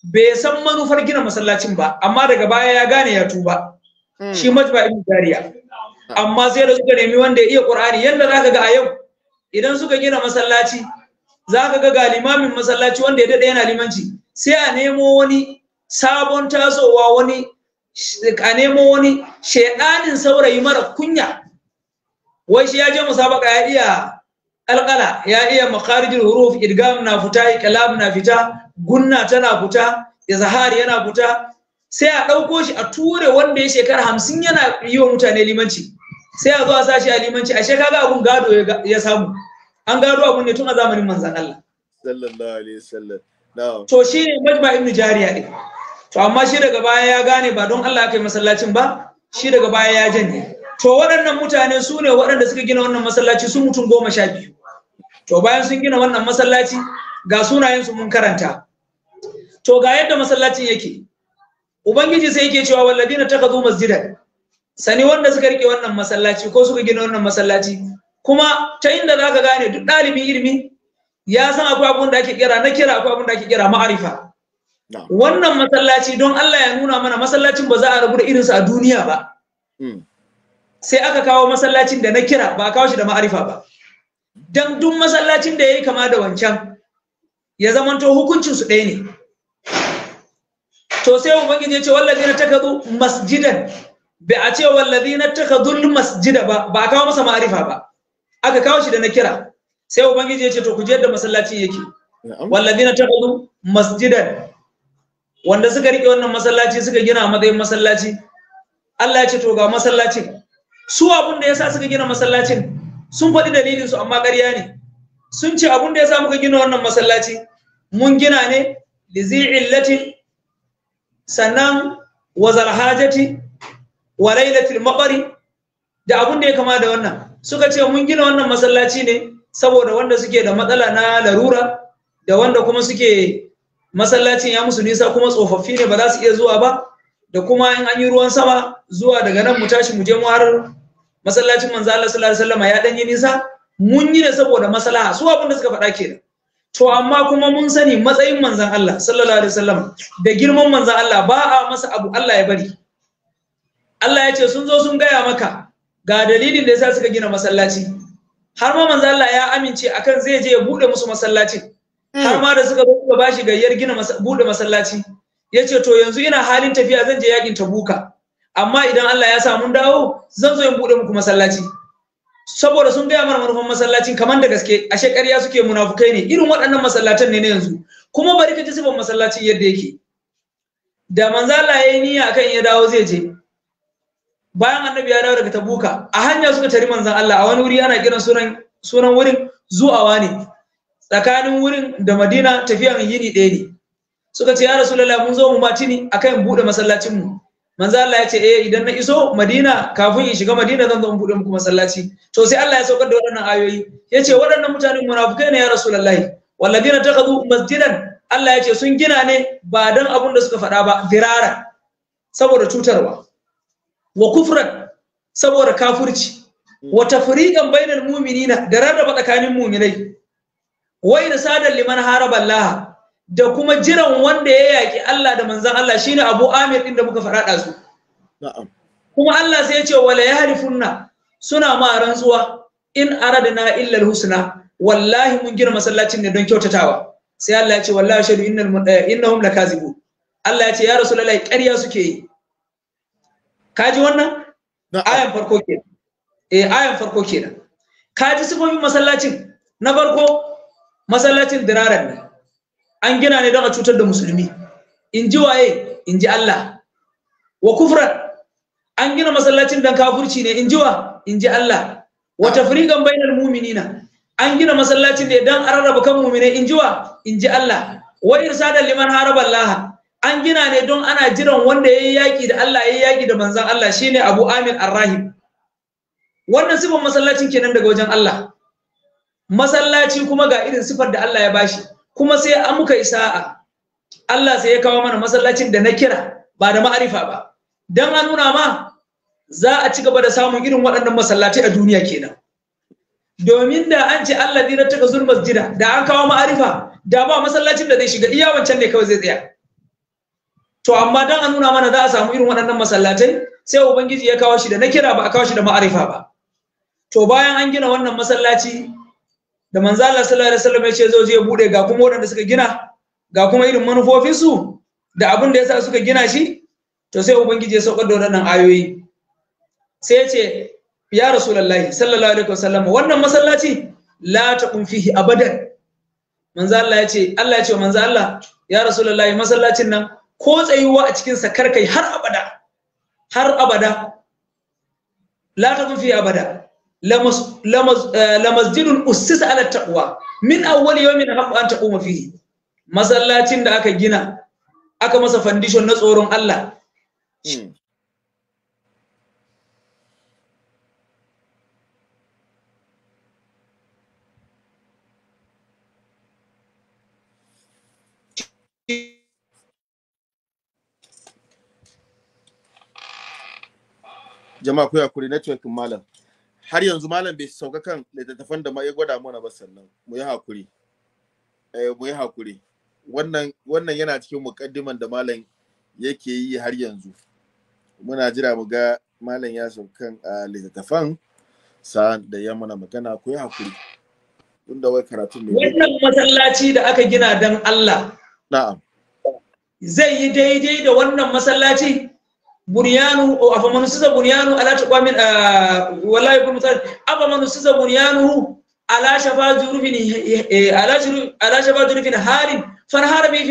bai san manufar gina masallacin ba amma daga baya ya gane ya tuba hmm. shi majma ibn jariya hmm. amma sai da suka nemi wanda ya iya ƙur'ani yadda za ka ga a yau idan suka gina masallaci za ka ga ga limamin masallaci wanda ya daɗe yana limanci sai a nemo wani sabon tasowa wani a nemo wani shaidanin saurayi mara kunya wai shi ya je musabaka ya iya kalkala ya iya makarijin huruf idgam na fita iqlab na fita gunna tana fita izhar yana fita sai a ɗauko shi a ture wanda ya shekara hamsin yana yi wa mutane limanci sai a zo a sa shi a limanci ashe kaga abun gado ya samu an gado abun ne tun a zamanin manzon Allah sallallahu alaihi wasallam to shine majma'in ibn jariya ne to amma shi daga baya ya gane ba don Allah aka yi masallacin ba shi daga baya ya janye to waɗannan mutane su ne waɗanda suka gina wannan masallaci su mutum goma sha biyu to bayan sun gina wannan masallaci ga sunayensu mun karanta to ga yadda masallacin yake ubangiji sai yake cewa walladina takadu masjidan sani wanda suka rike wannan masallaci ko suka gina wannan masallaci kuma ta inda zaka gane duk ɗalibin ilimi ya san akwai abun da ake kira na kira akwai abun da ake kira ma'arifa wannan masallaci don Allah ya nuna mana masallacin ba za a rabu da irinsa a duniya ba hmm. sai aka kawo masallacin da na kira ba kawo shi da ma'arifa ba don duk masallacin da ya yi kama da wancan ya zamanto hukuncin su ɗaya ne to sai ubangiji ya ce wallazi na takadu masjidan bai a ce wallazi na takadu masjida ba ba kawo masa ma'arifa ba aka kawo shi da na kira sai ubangiji ya ce to ku je da masallacin yake wallazi na takadu masjidan wanda suka rike wannan masallaci suka gina matsayin masallaci Allah ya ce to ga masallacin su abun da yasa suka gina masallacin sun faɗi dalilin su amma ƙarya ne sun ce abun da yasa muka gina wannan masallaci mun gina ne li zi'illati sannan wa zalhajati wa lailatul maqari da abun da ya kama da wannan suka ce mun gina wannan masallaci ne saboda wanda suke da matsala na larura da wanda kuma suke masallacin ya musu nisa kuma tsofaffi ne ba za su iya zuwa ba da kuma in an yi ruwan sama zuwa daga nan mu tashi mu je mu har masallacin manzo Allah sallallahu alaihi wasallam ya dan yi nisa mun yi ne saboda maslaha su abin da suka faɗa ke kenan to amma kuma mun sani matsayin manzon Allah sallallahu alaihi wasallam da girman manzon Allah ba a masa abu Allah ya bari Allah ya ce sun zo sun gaya maka ga dalilin da yasa suka gina masallaci har ma manzon Allah ya amince akan zai je ya bude musu masallacin har mm. ma da suka ba bashi gayyar gina bude masallaci yace to yanzu ina halin tafiya zan je yakin tabuka amma idan Allah ya sa mun dawo zan zo in bude muku masallaci saboda sun gaya mana manufan masallacin kamar da gaske ashe ƙarya suke munafukai ne irin waɗannan masallatan ne na yanzu kuma bari ka ji sifan masallacin yadda yake da manzo Allah ya yi niyya akan ya dawo zai je bayan annabi ya dawo daga tabuka a hanya suka tari manzon Allah a wani wuri ana kiran sunan sunan wurin zuwa ne tsakanin wurin da madina tafiyan yini ɗaya ne suka ce ya rasulullah mun zo mu ma ni akan buɗe masallacin mu manzo Allah ya ce eh idan na iso Madina kafin in shiga Madina zan zo in buɗe muku masallaci to sai Allah ya saukar da waɗannan ayoyi Ya ce waɗannan mutanen munafukai ne ya rasulullahi walladina takhadhu masjidan Allah ya ce sun gina ne ba dan abun da suka faɗa ba dirara saboda cutarwa wa kufran saboda kafirci wa tafriqan bainal mu'minina da rarraba tsakanin mu'minai wai risadar liman Laha, da kuma jiran wanda ya yaki Allah da manzan Allah shine Abu Amir din da muka faraɗa su na'am kuma Allah sai ya ce wala yahrifunna suna ma rantsuwa in aradna illa alhusna wallahi mun gina masallacin ne don kyautatawa sai Allah ya ce wallahi shadu innal eh, innahum lakazibu Allah ya ce ya rasulullahi ƙarya suke yi kaji wannan ayan farko kenan eh ayan farko kenan kaji sifofin masallacin na farko masallacin diraran nan an gina ne don a cutar da musulmi in ji waye in ji Allah wa kufran an gina masallacin dan kafurci ne in ji wa in ji Allah wa tafriqan bainal mu'minina an gina masallacin ne dan ararraba kan mu'mine in ji wa in ji Allah wa irsadan liman haraba Allah an gina ne don ana jiran wanda yayi yaki da Allah yayi yaki da manzon Allah shine Abu Amir ar Rahim. wannan sifan masallacin kenan daga wajen Allah masallaci kuma ga irin sifar da Allah ya bashi kuma sai an muka isa'a Allah sai ya kawo mana masallacin da na kira ba da ma'arifa ba dan a nuna ma za a ci gaba da samun irin waɗannan masallatai a duniya kenan domin da an ce Allah dina taka gazul masjida da an kawo ma'arifa da ba masallacin da zai shiga iya wancan ne kawai zai tsaya to amma dan a nuna mana za a samu irin waɗannan masallatai sai ubangiji ya kawo shi da na kira ba a kawo shi da ma'arifa ba to bayan an gina wannan masallaci da manzo Allah sallallahu alaihi wasallam ya ce zo je bude ga kuma waɗanda suka gina ga kuma irin manufofin su da abin da yasa suka gina shi to sai ubangiji ya saukar da waɗannan ayoyi sai ya ce ya rasulullahi sallallahu alaihi wasallam wannan masallaci la taqum fihi abadan manzo Allah ya ce Allah ya ce manzo Allah ya rasulullahi masallacin nan ko tsayuwa a cikin sa karkai har abada har abada la taqum fihi abada lamasjidun ussis ala taqwa min awwal yawmin haqqu an taquma fihi masallacin da aka gina aka masa foundation na tsoron Allah jama'a ku yakuri network malam har yanzu malam bai sauka kan littattafan da ya gwada mana ba sannan mu yi hakuri eh mu yi hakuri wannan wannan yana cikin mukaddiman da malam yake yi har yanzu muna jira mu ga malam ya sauka kan ah, littattafan sa'an da ya mana magana ku yi hakuri tunda wai karatu ne wannan masallaci da aka gina dan Allah na'am zai yi daidai da wannan masallaci بنيانه أو أفمن سز بنيانه على شفا من آه والله يكون مثال أفمن سز بنيانه على شفا جروف على على شفا جروف هار فنهار به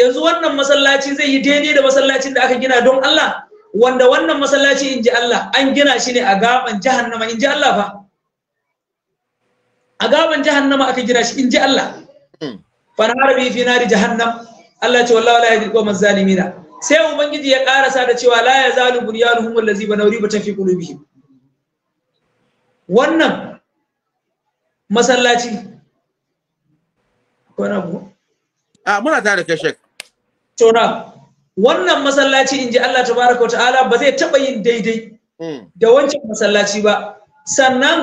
yanzu wannan masallaci zai yi daidai da masallacin da aka gina don Allah wanda wannan masallaci in ji Allah an gina shi ne a gaban jahannama in ji Allah fa a gaban jahannama aka gina shi in ji Allah hmm. fa na harbi fi nari jahannam Allah ce wallahi la yahdi qawman zalimina sai ubangiji ya karasa da cewa la zalu bunyanuhum allazi banawri batan fi qulubihim wannan masallaci ko na bu a muna tare da shek to na wannan masallaci inji Allah tabaaraka wa ta'ala ba zai taba yin daidai hmm. da wancan masallaci ba sannan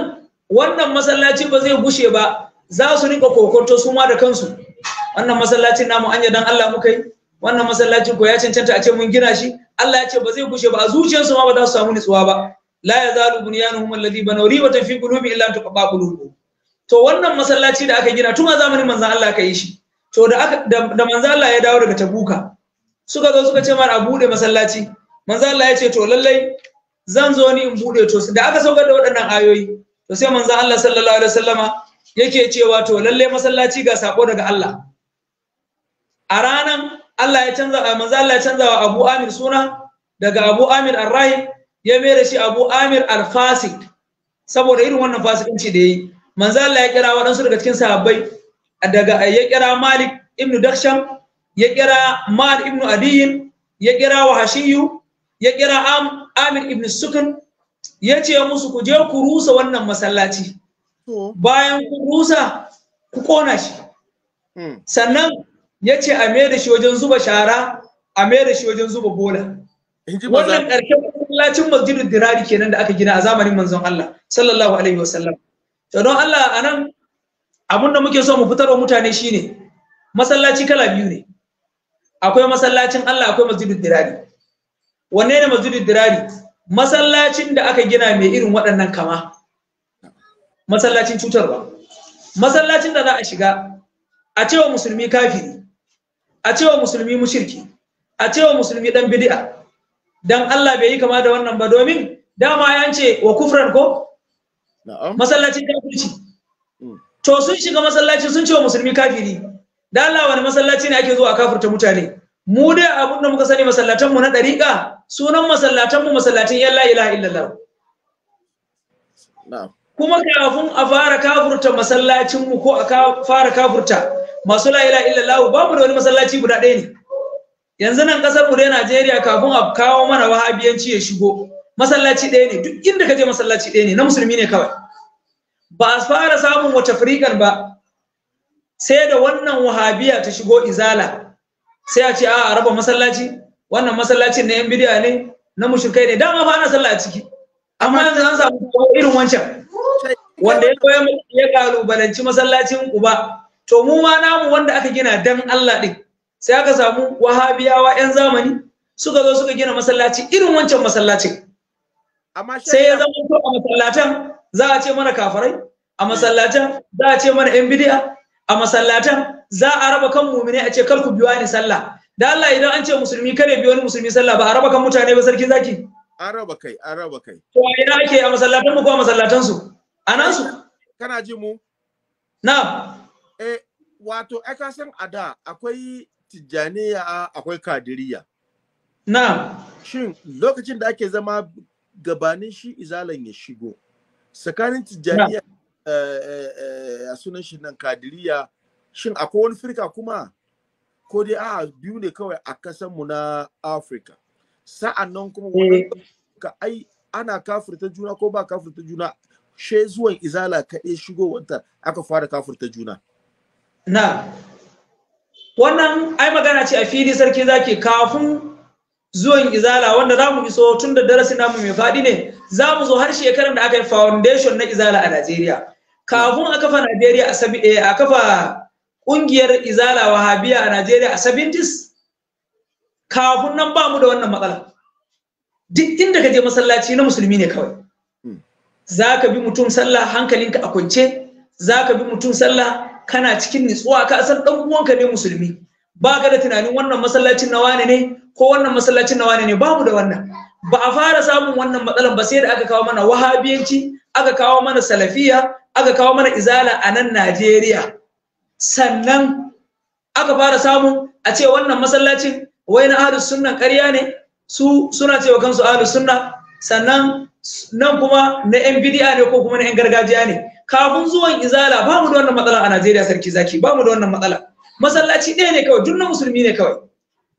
wannan masallaci ba zai gushe ba za su rinka kokonto su ma da kansu wannan masallacin namu anya dan Allah muka yi wannan masallacin ko ya cancanta a ce mun gina shi Allah ya ce ba zai kushe ba a zuciyarsu ma ba za su samu nutsuwa ba la zalu bunyanuhum alladhi banaw ta fi qulubi illa tuqaba qulubuhum to wannan masallaci da aka gina tun a zamanin manzon Allah aka yi shi to da aka da manzon Allah ya dawo daga Tabuka suka zo suka ce mana a bude masallaci manzon Allah ya ce to lallai zan zo ni in bude to da aka saukar da waɗannan ayoyi to sai manzon Allah sallallahu alaihi wasallama yake cewa to lallai masallaci ga sako daga Allah a ranan Allah ya canza manzo Allah ya canza wa Abu Amir suna daga Abu Amir Ar-Rahib ya mai da shi Abu Amir Al-Fasik saboda irin wannan fasikanci da yayi manzo Allah ya kira waɗansu daga cikin sahabbai daga ya kira Malik ibn Daksham ya kira Malik ibn Adiyin ya kira Wahashiyu ya kira Am Amir ibn Sukun ya ce musu ku je ku rusa wannan masallaci bayan ku rusa ku kona shi hmm. sannan ya ce a mai da shi wajen zuba shara a mai da shi wajen zuba bola wannan ƙarshen masallacin masjidul dirari kenan da aka gina a zamanin manzon Allah sallallahu alaihi wasallam to don Allah anan abin da muke so mu fitarwa mutane shine masallaci kala biyu ne akwai masallacin Allah akwai masjidul dirari wanne ne masjidul dirari masallacin da aka gina mai irin waɗannan kama masallacin cutarwa masallacin da za a shiga a cewa musulmi kafiri a cewa musulmi mushirki a cewa musulmi dan bid'a dan Allah bai yi kama da wannan ba domin dama ya ce wa kufran ko masallacin kafirci hmm. to sun shiga masallaci sun ce wa musulmi kafiri da Allah wani masallaci ne ake zuwa kafirta mutane mu dai abun da muka sani masallatanmu na dariqa sunan masallatanmu masallatin yalla ilaha illallah kuma kafin a fara kafurta masallacinmu ko a fara kafurta masu la'ila illallahu lawu ba mu da wani masallaci guda ɗaya ne yanzu nan ƙasar mu dai Najeriya kafin a kawo mana wahabiyanci ya shigo masallaci ɗaya ne duk inda ka je masallaci ɗaya ne na musulmi ne kawai ba a fara samun wata firikan ba sai da wannan wahabiya ta shigo izala sai a ce a raba masallaci wannan masallacin na yan bidiya ne na mushrikai ne dama fa ana sallah a ciki amma yanzu an samu irin wancan wanda ya koya ya kalubalanci masallacin uba to mu ma namu wanda aka gina dan Allah din sai aka samu wahabiyawa yan zamani suka zo suka gina masallaci irin wancan masallacin sai ya zama to a masallatan za a ce mana kafirai a masallatan za a ce mana yan bid'a a masallatan za a raba kan mumine a ce kar ku biwa ni sallah da Allah idan an ce musulmi kare biyo ni musulmi sallah ba a raba kan mutane ba sarki zaki an raba kai an raba kai to ina ake a masallatan mu ko a masallatan su anan su kana ji mu na'am eh wato ai san a da akwai tijjaniya akwai kadiriya na shin lokacin da ake zama gabanin shi izalan ya shigo tsakanin tijjaniya eh, eh, eh, a sunan shi nan kadiriya shin akwai wani firka kuma ko dai a biyu ne kawai a mu na afirka nan kuma wani ai ana kafirta juna ko ba kafirta juna she zuwan izala kaɗai wanta aka fara kafirta juna na wannan ai magana ce a fili sarki zaki kafin zuwan izala wanda za mu iso tun da darasin namu mai faɗi ne za mu zo har shekarar da aka yi foundation na izala a Najeriya. Kafin a kafa Najeriya a sabi eh, a kafa ƙungiyar izala wahabiya a Najeriya a 70s kafin nan ba mu da wannan matsala. Duk inda ka je masallaci na musulmi ne kawai. Hmm. Za ka bi mutum sallah hankalinka a kwance, za ka bi mutum sallah kana cikin nutsuwa? ka san dan uwanka ne musulmi ba ka da tunanin wannan masallacin na wane ne ko wannan masallacin na wane ne babu da wannan ba a fara samun wannan matsalan ba sai da aka kawo mana wahabiyanci aka kawo mana salafiya aka kawo mana izala a nan Najeriya sannan aka fara samu a ce wannan masallacin wai na ahlus sunna ƙarya ne su suna cewa kansu ahlus sunna sannan nan kuma na yan bidi'a ne ko kuma na yan gargajiya ne kafin zuwan izala ba mu da wannan matsala a Najeriya sarki zaki ba mu da wannan matsala masallaci ɗaya ne kawai duk na musulmi ne kawai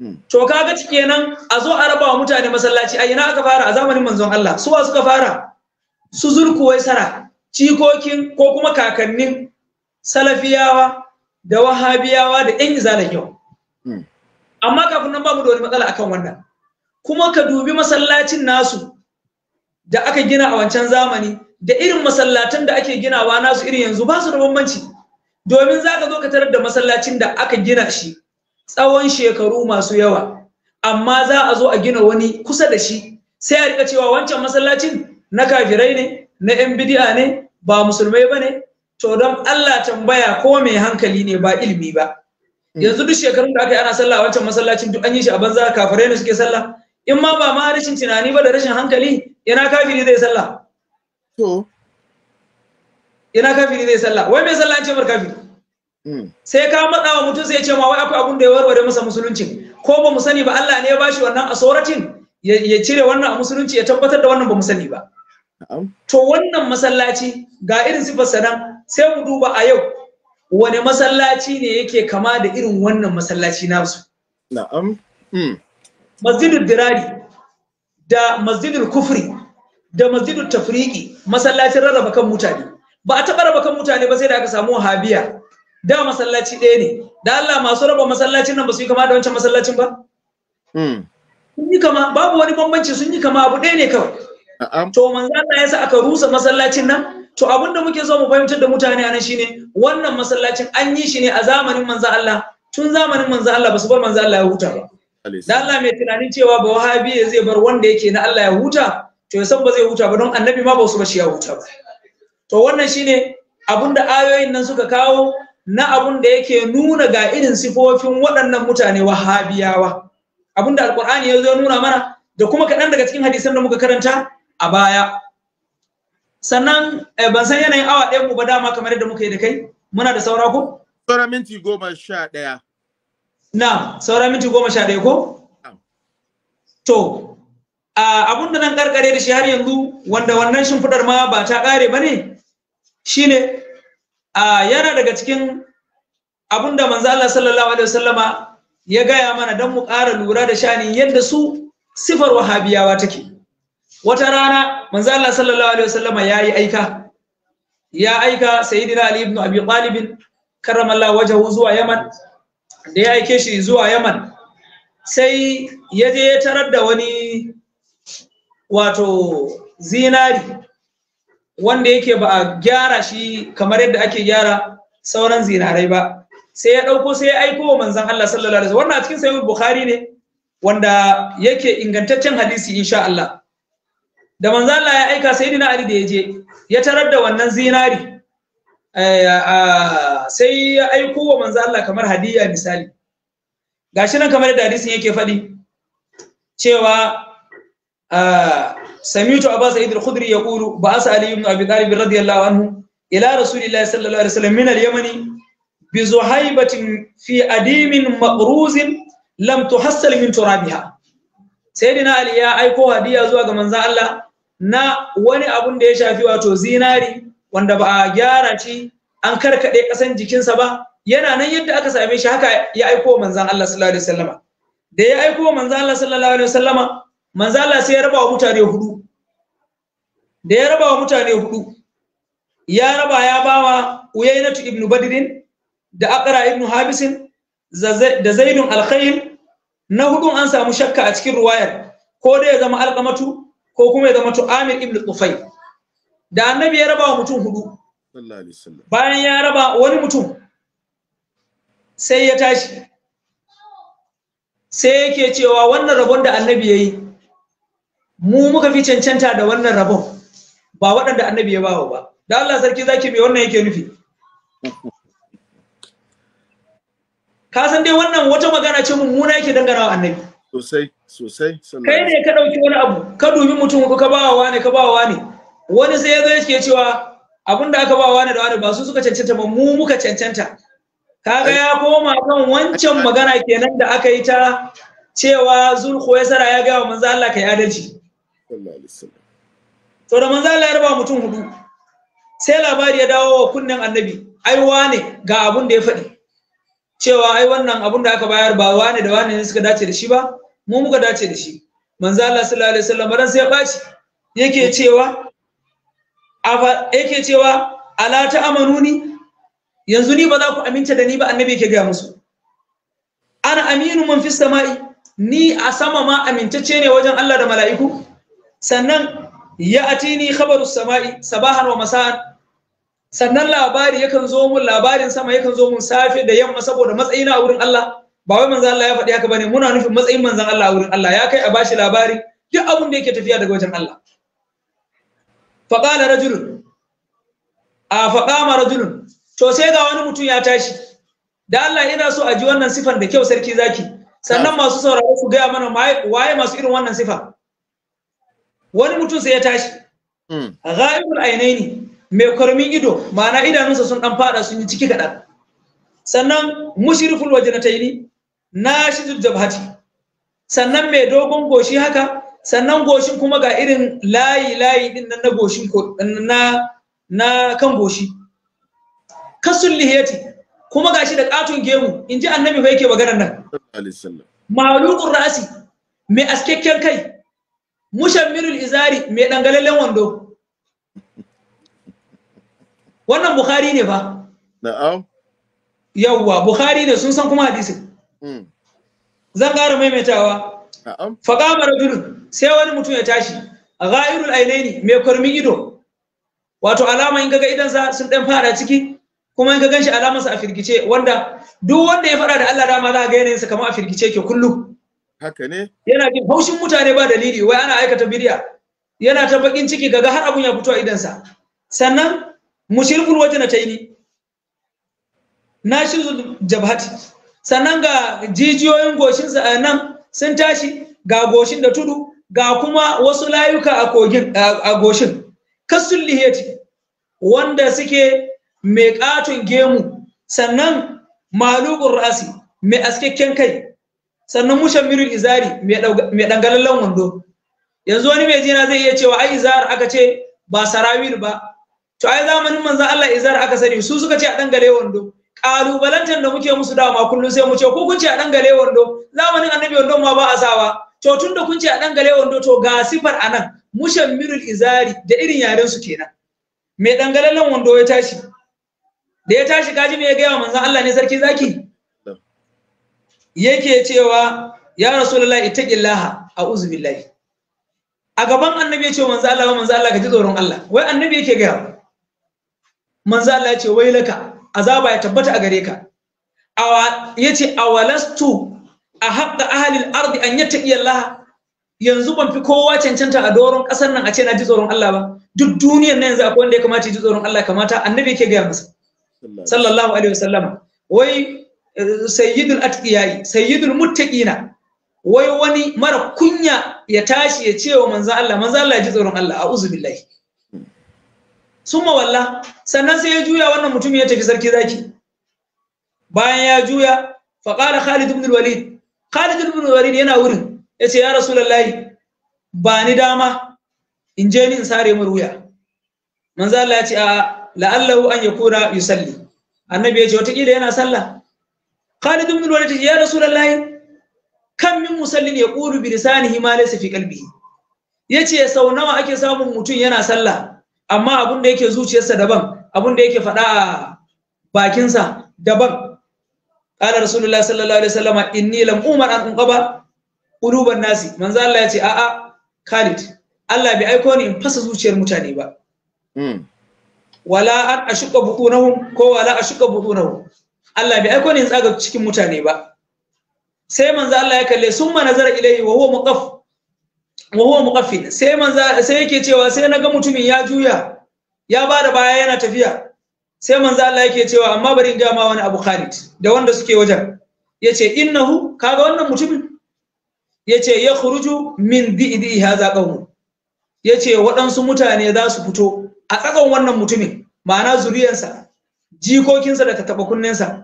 hmm. to kaga nan a zo a rabawa mutane masallaci a ina aka fara a zamanin manzon Allah suwa suka fara su zurkuwai sara cikokin ko kuma kakannin salafiyawa da wahabiyawa da yan izalan yau hmm. amma kafin nan ba mu da wani matsala akan wannan kuma ka dubi masallacin nasu da aka gina a wancan zamani da irin masallatan da ake ginawa nasu irin yanzu ba su da bambanci domin za ka zo ka tarar da masallacin da aka gina shi tsawon shekaru masu yawa amma za a zo a gina wani kusa da shi sai a rika cewa wancan masallacin na kafirai ne na yan bidi'a ne ba musulmai ba ne to don Allah tambaya ko mai hankali ne ba ilimi ba hmm. yanzu duk shekarun da aka yi ana sallah wancan masallacin duk an yi shi a banza kafirai ne suke sallah in ma ba ma rashin tunani ba da rashin hankali ina kafiri zai sallah to ina kafiri zai sallah wai mai sallah an ce bar kafiri mm. sai ka matsa wa mutum sai ya ce ma wai akwai abun da ya warware masa musuluncin ko ba mu sani ba Allah ne ya bashi wannan asoratin ya cire wannan a musulunci ya tabbatar da wannan ba mu sani ba to wannan masallaci ga irin sifar sanan sai mu duba a yau wane masallaci ne yake kama da irin wannan masallaci nasu na'am mm. masjidul dirari da masjidul kufri da masjidu tafriki masallacin rarraba kan mutane ba a taɓa raba kan mutane ba sai da aka samu wahabiya da masallaci ɗaya ne da Allah masu raba masallacin nan ba su yi kama da wancan masallacin ba hmm. sun yi kama babu wani bambanci sun yi kama abu ɗaya ne kawai to manzo Allah ya sa aka rusa masallacin nan to abin da muke so mu fahimtar da mutane anan shine wannan masallacin an yi shi ne a zamanin manzo Allah tun zamanin manzo Allah ba su bar manzo Allah ya huta ba da Allah mai tunanin cewa ba wahabi zai bar wanda yake na Allah ya huta to ya san ba zai huta ba don annabi ma ba su ba shi ya huta ba to wannan shine abinda ayoyin nan suka kawo na abun da yake nuna ga irin sifofin waɗannan mutane wahabiyawa abun da alkur'ani ya zo nuna mana da kuma kaɗan daga cikin hadisan da muka karanta a baya sannan eh, ban san yanayin awa ɗaya mu ba dama kamar yadda muka yi da kai muna da saura ko saura minti goma sha na saura minti goma sha ɗaya ko to abun da nan karkare da shi har yanzu wanda wannan shimfidar ma ba ta kare ba ne shine yana daga cikin abunda da manzo Allah sallallahu alaihi wasallama ya gaya mana don mu ƙara lura da shani yadda su sifar wahabiyawa take wata rana manzo Allah sallallahu alaihi wasallama ya aika ya aika sayyidina ali ibn abi talib karramallahu wajhu zuwa yaman da ya aike shi zuwa yaman sai ya je ya tarar da wani wato zinari wanda yake ba a gyara shi kamar yadda ake gyara sauran zinarai ba sai ya ɗauko sai ya aiko wa manzan Allah sallallahu alaihi wannan a cikin sahih bukhari ne wanda yake ingantaccen hadisi insha Allah da manzan Allah ya aika sayyidina Ali da ya je ya tarar da wannan zinari eh, sai ya aiko wa manzan Allah kamar hadiya misali gashi nan kamar da hadisin yake faɗi cewa سمعت أبا سعيد الخدري يقول بعث علي بن أبي طالب رضي الله عنه إلى رسول الله صلى الله عليه وسلم من اليمن بزهيبة في أديم مقروز لم تحصل من ترابها سيدنا علي يا أيكو هدية زواج من الله na wani abun da ya shafi wato zinari wanda ba a gyara ci an karkaɗe ƙasan jikinsa ba yana nan yadda aka same shi haka ya aiko manzan Allah sallallahu alaihi wasallama da ya aiko manzan Allah sallallahu alaihi wasallama manzo Allah sai ya raba wa mutane hudu da ya raba wa mutane hudu ya raba ya bawa uyainatu Ibn badrin da aqra ibn habisin da Al-Khayl na hudu an samu shakka a cikin ruwayar ko da ya zama alqamatu ko kuma ya zama amir ibn tufai da annabi ya raba wa mutum hudu bayan ya raba wani mutum sai ya tashi sai yake cewa wannan rabon da annabi ya yi mu muka fi cancanta da wannan rabon ba waɗanda annabi ya bawa ba da Allah sarki zaki me wannan yake nufi ka san dai wannan wata magana ce mummuna yake dangana wa annabi sosai sosai kai ne ka ɗauki wani abu ka dubi mutum ko ka ba wa wani ka ba wa wani wani sai ya zo yake cewa abin da aka wa wani da wani ba su suka cancanta ba mu muka cancanta kaga ya koma kan wancan magana kenan da aka yi ta cewa zulhu ya sara ya ga manzo Allah kai adalci to da manzo Allah ya mutum hudu sai labari ya dawo wa kunnen annabi ai wane ga abun da ya faɗi cewa ai wannan abun da aka bayar ba wane da wane ne suka dace da shi ba mu muka dace da shi manzo Allah sallallahu alaihi wasallam ran sai ya baci yake cewa yake cewa ala ta amanuni yanzu ni ba za ku aminta da ni ba annabi yake gaya musu ana aminu man fis sama'i ni a sama ma amintacce ne wajen Allah da mala'iku sannan ya atini khabaru sama'i sabahan wa masa'an sannan labari yakan zo mun labarin sama yakan zo mun safe da yamma saboda matsayin a wurin Allah ba wai manzon Allah ya faɗi haka bane muna nufin matsayin manzon Allah a wurin Allah ya kai a bashi labari duk abun da yake tafiya daga wajen Allah qala rajul a qama rajul to sai ga wani mutum ya tashi da Allah ina so a ji wannan sifan da kyau sarki zaki sannan masu sauraro su gaya mana waye masu irin wannan sifa wani mutum sai ya tashi hmm. ghaibul ainaini mai kwarmin ido ma'ana idanunsa sun dan fada sun yi ciki kaɗan sannan mushriful wajnataini nashidul jabhati sannan mai dogon goshi haka sannan goshin kuma ga irin layi layi din nan na goshin na na kan goshi kasul lihiyati kuma gashi da katon gemu inji annabi fa yake magana nan ma'lukur ra'si mai askakken kai mushammirul izari mai dangalalen wando wannan bukhari ne fa na'am yawwa bukhari ne sun san kuma hadisin hmm. zan ƙara maimaitawa faƙama rajul sai wani mutum ya tashi ghairul ainaini mai kurmi ido wato alama in kaga sa sun dan fara ciki kuma in ka ganshi alamarsa a firgice wanda duk wanda ya faɗa da Allah dama za ga yanayinsa kamar a firgice ke kullu haka ne yana jin haushin mutane ba dalili wai ana aikata bidiya yana ta bakin ciki kaga har abun ya fito a idansa sannan waje na taini nashirul jabhati sannan ga jijiyoyin goshin sa eh, nan sun tashi ga goshin da tudu ga kuma wasu layuka a kogin a goshin kasul lihiyati wanda suke mai katon gemu sannan malukur rasi mai askakken kai sannan mushammirul izari mai dangalallen wando yanzu wani mai jina zai iya cewa ai izar aka ce ba sarawil ba to ai zamanin manzo Allah izar aka sani su suka ce a dangale wando kalubalantar da muke musu dama kullum sai mu ce ko kun ce a dangale wando zamanin annabi wando ma ba a sawa to tun da kun ce a dangale wando to ga sifar anan mirul izari da irin yaren su kenan mai dangalallen wando ya tashi da ya tashi kaji me ya gaya manzo Allah ne sarki zaki yake cewa ya rasulullah ittaqillaha a'udhu billahi a gaban annabi yace manzo Allah manzo Allah ka ji tsoron Allah wai annabi yake gaya manzo Allah yace ce wai laka azaba ya tabbata a gare ka awa yace awalastu a ahli al ardi an yattaƙi Allah yanzu ban fi kowa cancanta a doron ƙasar nan a ce na ji tsoron Allah ba duk duniyar nan yanzu akwai wanda ya kamata ya ji tsoron Allah kamata annabi yake gaya masa sallallahu alaihi wasallama wai sayyidul atqiyai sayyidul muttaqina wai wani mara kunya ya tashi ya ce wa Allah manzan Allah ya ji tsoron Allah a'udhu billahi summa walla sannan sai ya juya wannan mutum ya tafi sarki zaki bayan ya juya fa qala Khalid ibn al-Walid Khalid ibn al-Walid yana wurin ya ce ya Rasulullahi ba ni dama in je ni in sare mar wuya manzo Allah ya ce a la'allahu an yakuna yusalli annabi ya ce wata kila yana sallah Khalid ibn al-Walid ce ya Rasulullahi kan min musallin ya qulu bi lisanihi ma laysa fi qalbihi yace sau nawa ake samun mutum yana sallah amma abin da yake zuciyarsa daban abin da yake faɗa a bakinsa daban qala rasulullahi sallallahu alaihi wasallam inni lam umar an unqaba quluban nasi manzo Allah yace a a Khalid Allah bai aiko ni in fasa zuciyar mutane ba hmm. wala an ashqa butunahum ko wala ashqa butunahum Allah bai aiko ni in tsaga cikin mutane ba sai manzo Allah ya kalle summa nazara ilayhi wa huwa muqaff wa huwa muqaffin sai manzo sai yake cewa sai naga mutumin ya juya ya bada baya yana tafiya sai manzo Allah yake cewa amma bari in ga ma wani Abu Khalid da wanda suke wajen yace innahu kaga wannan mutumin yace ya khuruju min di'di hadha qawm yace waɗansu mutane za su fito a tsakan wannan mutumin ma'ana zuriyarsa jikokinsa da tattaɓa kunninsa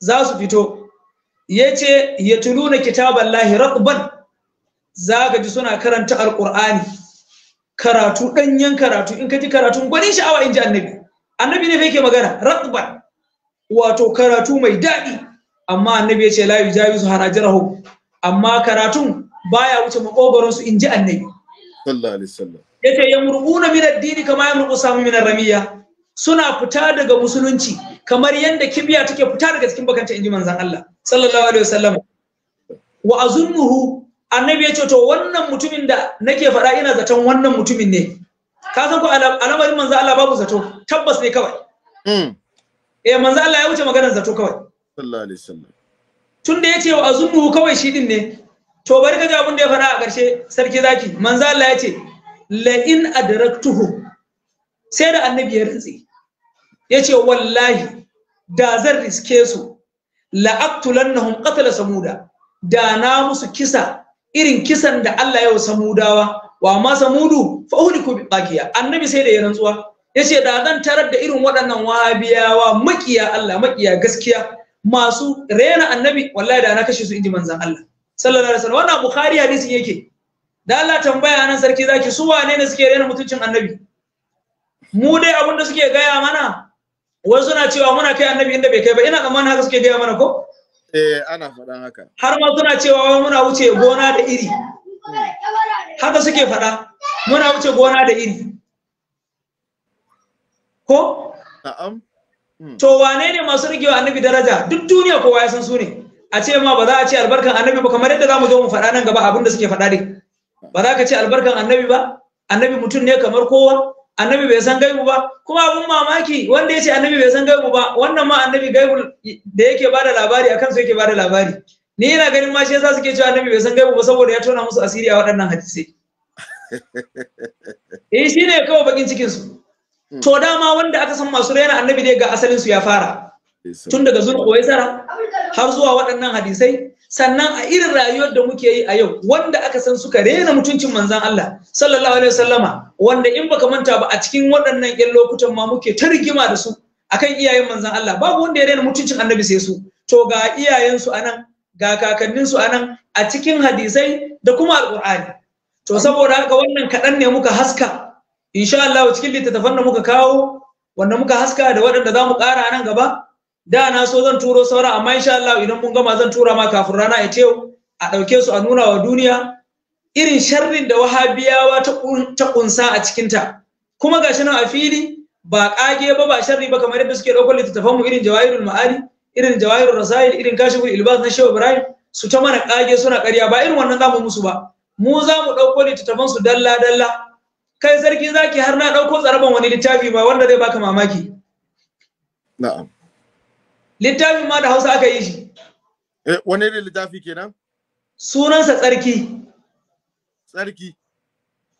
za su fito ya ce ya tuluna kitaban lahi raƙuban za ka ji suna karanta alƙur'ani karatu ɗanyen karatu in ka ji karatu gwani sha'awa in ji annabi annabi ne yake magana raƙuban wato karatu mai daɗi amma annabi ya ce la yujawi su harajirahu amma karatun baya wuce makogoron su in ji annabi sallallahu alaihi wasallam yace min ad kama yamruqu samu min ramiya suna fita daga musulunci kamar yadda kibiya take fita daga cikin bakanta inji manzon Allah sallallahu alaihi wasallam wa azunnuhu annabi ya ce to wannan mutumin da nake faɗa ina zaton wannan mutumin ne ka san ko al'amarin manzon Allah babu zato tabbas ne kawai mm. eh manzon Allah ya wuce maganar zato kawai sallallahu alaihi wasallam tunda ya ce wa azunnuhu kawai shi din ne to bari ka ga abin da ya fara a ƙarshe sarki zaki manzon Allah ya ce la in adraktuhu sai da annabi ya rantsi ya ce wallahi da zan riske su la'aktulannahum qatala samuda da na musu kisa irin kisan da Allah yau samudawa wa ma samudu fa uhliku bi annabi sai da ya rantsuwa yace da zan tarar da irin waɗannan wahabiyawa makiya Allah makiya gaskiya masu rena annabi wallahi da na kashe su inji manzon Allah sallallahu alaihi wasallam wannan bukhari hadisin yake da Allah tambaya nan sarki zaki su wane ne suke rena mutuncin annabi mu dai abun da suke gaya mana wai suna cewa muna kai annabi inda bai kai ba ina tsammanin haka suke gaya mana ko eh ana faɗan haka har ma suna cewa wai muna wuce gona da iri haka suke faɗa muna wuce gona da iri ko na'am hmm. to wane ne masu rigewa annabi daraja duk duniya kowa ya san su ne a ce ma ba za a ce albarkan annabi ba kamar yadda za mu zo mu faɗa nan gaba abin da suke faɗa ne ba za ka ce albarkan annabi ba annabi mutum ne kamar kowa annabi bai san gaibu ba kuma abun mamaki wanda ya ce annabi bai san gaibu ba wannan ma annabi gaibu da yake bada labari a kansu yake bada labari ni ina ganin ma shi yasa suke cewa annabi bai san gaibu ba saboda ya tona musu asiri a waɗannan hadisai [laughs] eh shi ne kawai bakin cikin su hmm. to dama wanda aka san masu raina annabi dai ga asalin su ya fara tun daga zurqo waisara har zuwa waɗannan hadisai sannan a irin rayuwar da muke yi a yau wanda aka san suka rena mutuncin manzan Allah sallallahu alaihi wasallama wanda in baka manta ba a cikin waɗannan ƴan lokutan ma muke ta rigima da su akan iyayen manzan Allah babu wanda ya rena mutuncin annabi sai su to ga iyayensu anan ga kakanninsu anan a cikin hadisai da kuma alqur'ani to saboda haka wannan kaɗan ne muka haska insha Allah cikin littattafan da muka kawo wanda muka haska da waɗanda za mu ƙara nan gaba da na so zan turo saura amma insha Allah idan mun gama zan tura ma kafin rana ya ce a ɗauke su a nuna wa duniya irin sharrin da wahabiyawa ta kunsa a cikinta kuma gashi nan a fili ba kage ba ba sharri ba kamar yadda suke ɗaukar littattafan mu irin jawahirul ma'ani irin jawahirul rasail irin kashiful ilbas na shehu ibrahim su ta mana kage suna ƙarya ba irin wannan zamu musu ba mu za mu ɗauko littattafan su dalla dalla kai sarki zaki har na ɗauko tsaraban wani littafi ba wanda zai baka mamaki na'am littafin ma da hausa aka yi shi eh wani ne littafi kenan sunansa tsarki tsarki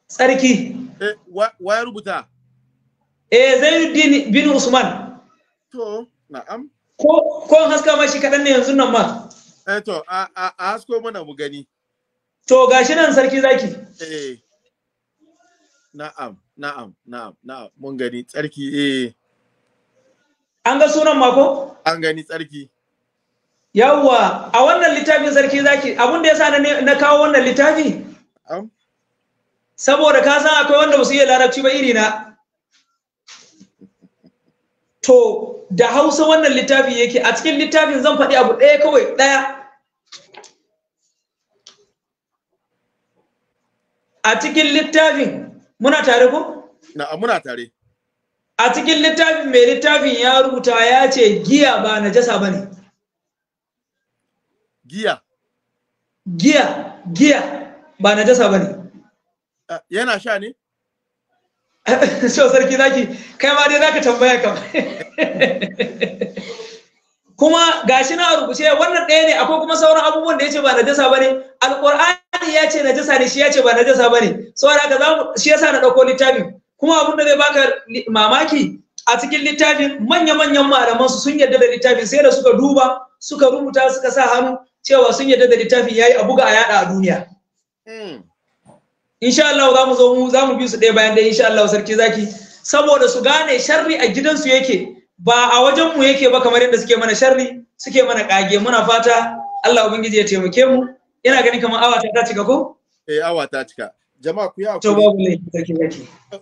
tsarki eh wa ya rubuta eh zainuddin bin usman to na'am ko ko haska mashi kaɗan kadan ne yanzu nan ma eh to a a hasko mana mu gani to gashi nan sarki zaki eh na'am na'am na'am na'am mun gani tsarki eh an ga sunan mako an gani tsarki yawwa a wannan littafin sarki zaki abin da yasa na na kawo wannan littafi saboda ka san akwai wanda musu iya larabci ba iri na to da hausa wannan littafi yake a cikin littafin zan faɗi abu ɗaya kawai ɗaya a cikin littafin muna tare ko? na muna tare a cikin littafin mai littafin ya rubuta ya ce giya ba najasa ba ne giya giya giya ba najasa ba ne yana sha ne [laughs] so sarki zaki kai ma dai zaka tambaya kam [laughs] kuma gashi na rubuce wannan ɗaya ne akwai kuma sauran abubuwan da yace ba najasa bane alqur'ani ya ce najasa ne shi ya ce ba najasa bane saboda haka zamu shi yasa na dauko littafin kuma abin da zai baka mamaki a cikin littafin manya-manyan malaman su sun yarda da littafin sai da suka duba suka rubuta suka sa hannu cewa sun yarda da littafin yayi a buga a yada a duniya hmm. insha Allah za mu zo mu za mu bi su ɗaya bayan dai, insha Allah sarki zaki saboda su gane sharri a gidansu yake ba a wajen mu yake ba kamar yadda suke mana sharri suke mana kage muna fata Allah ubangiji ya taimake mu ina ganin kamar awa ta cika ko eh awa ta cika jama'a ku ya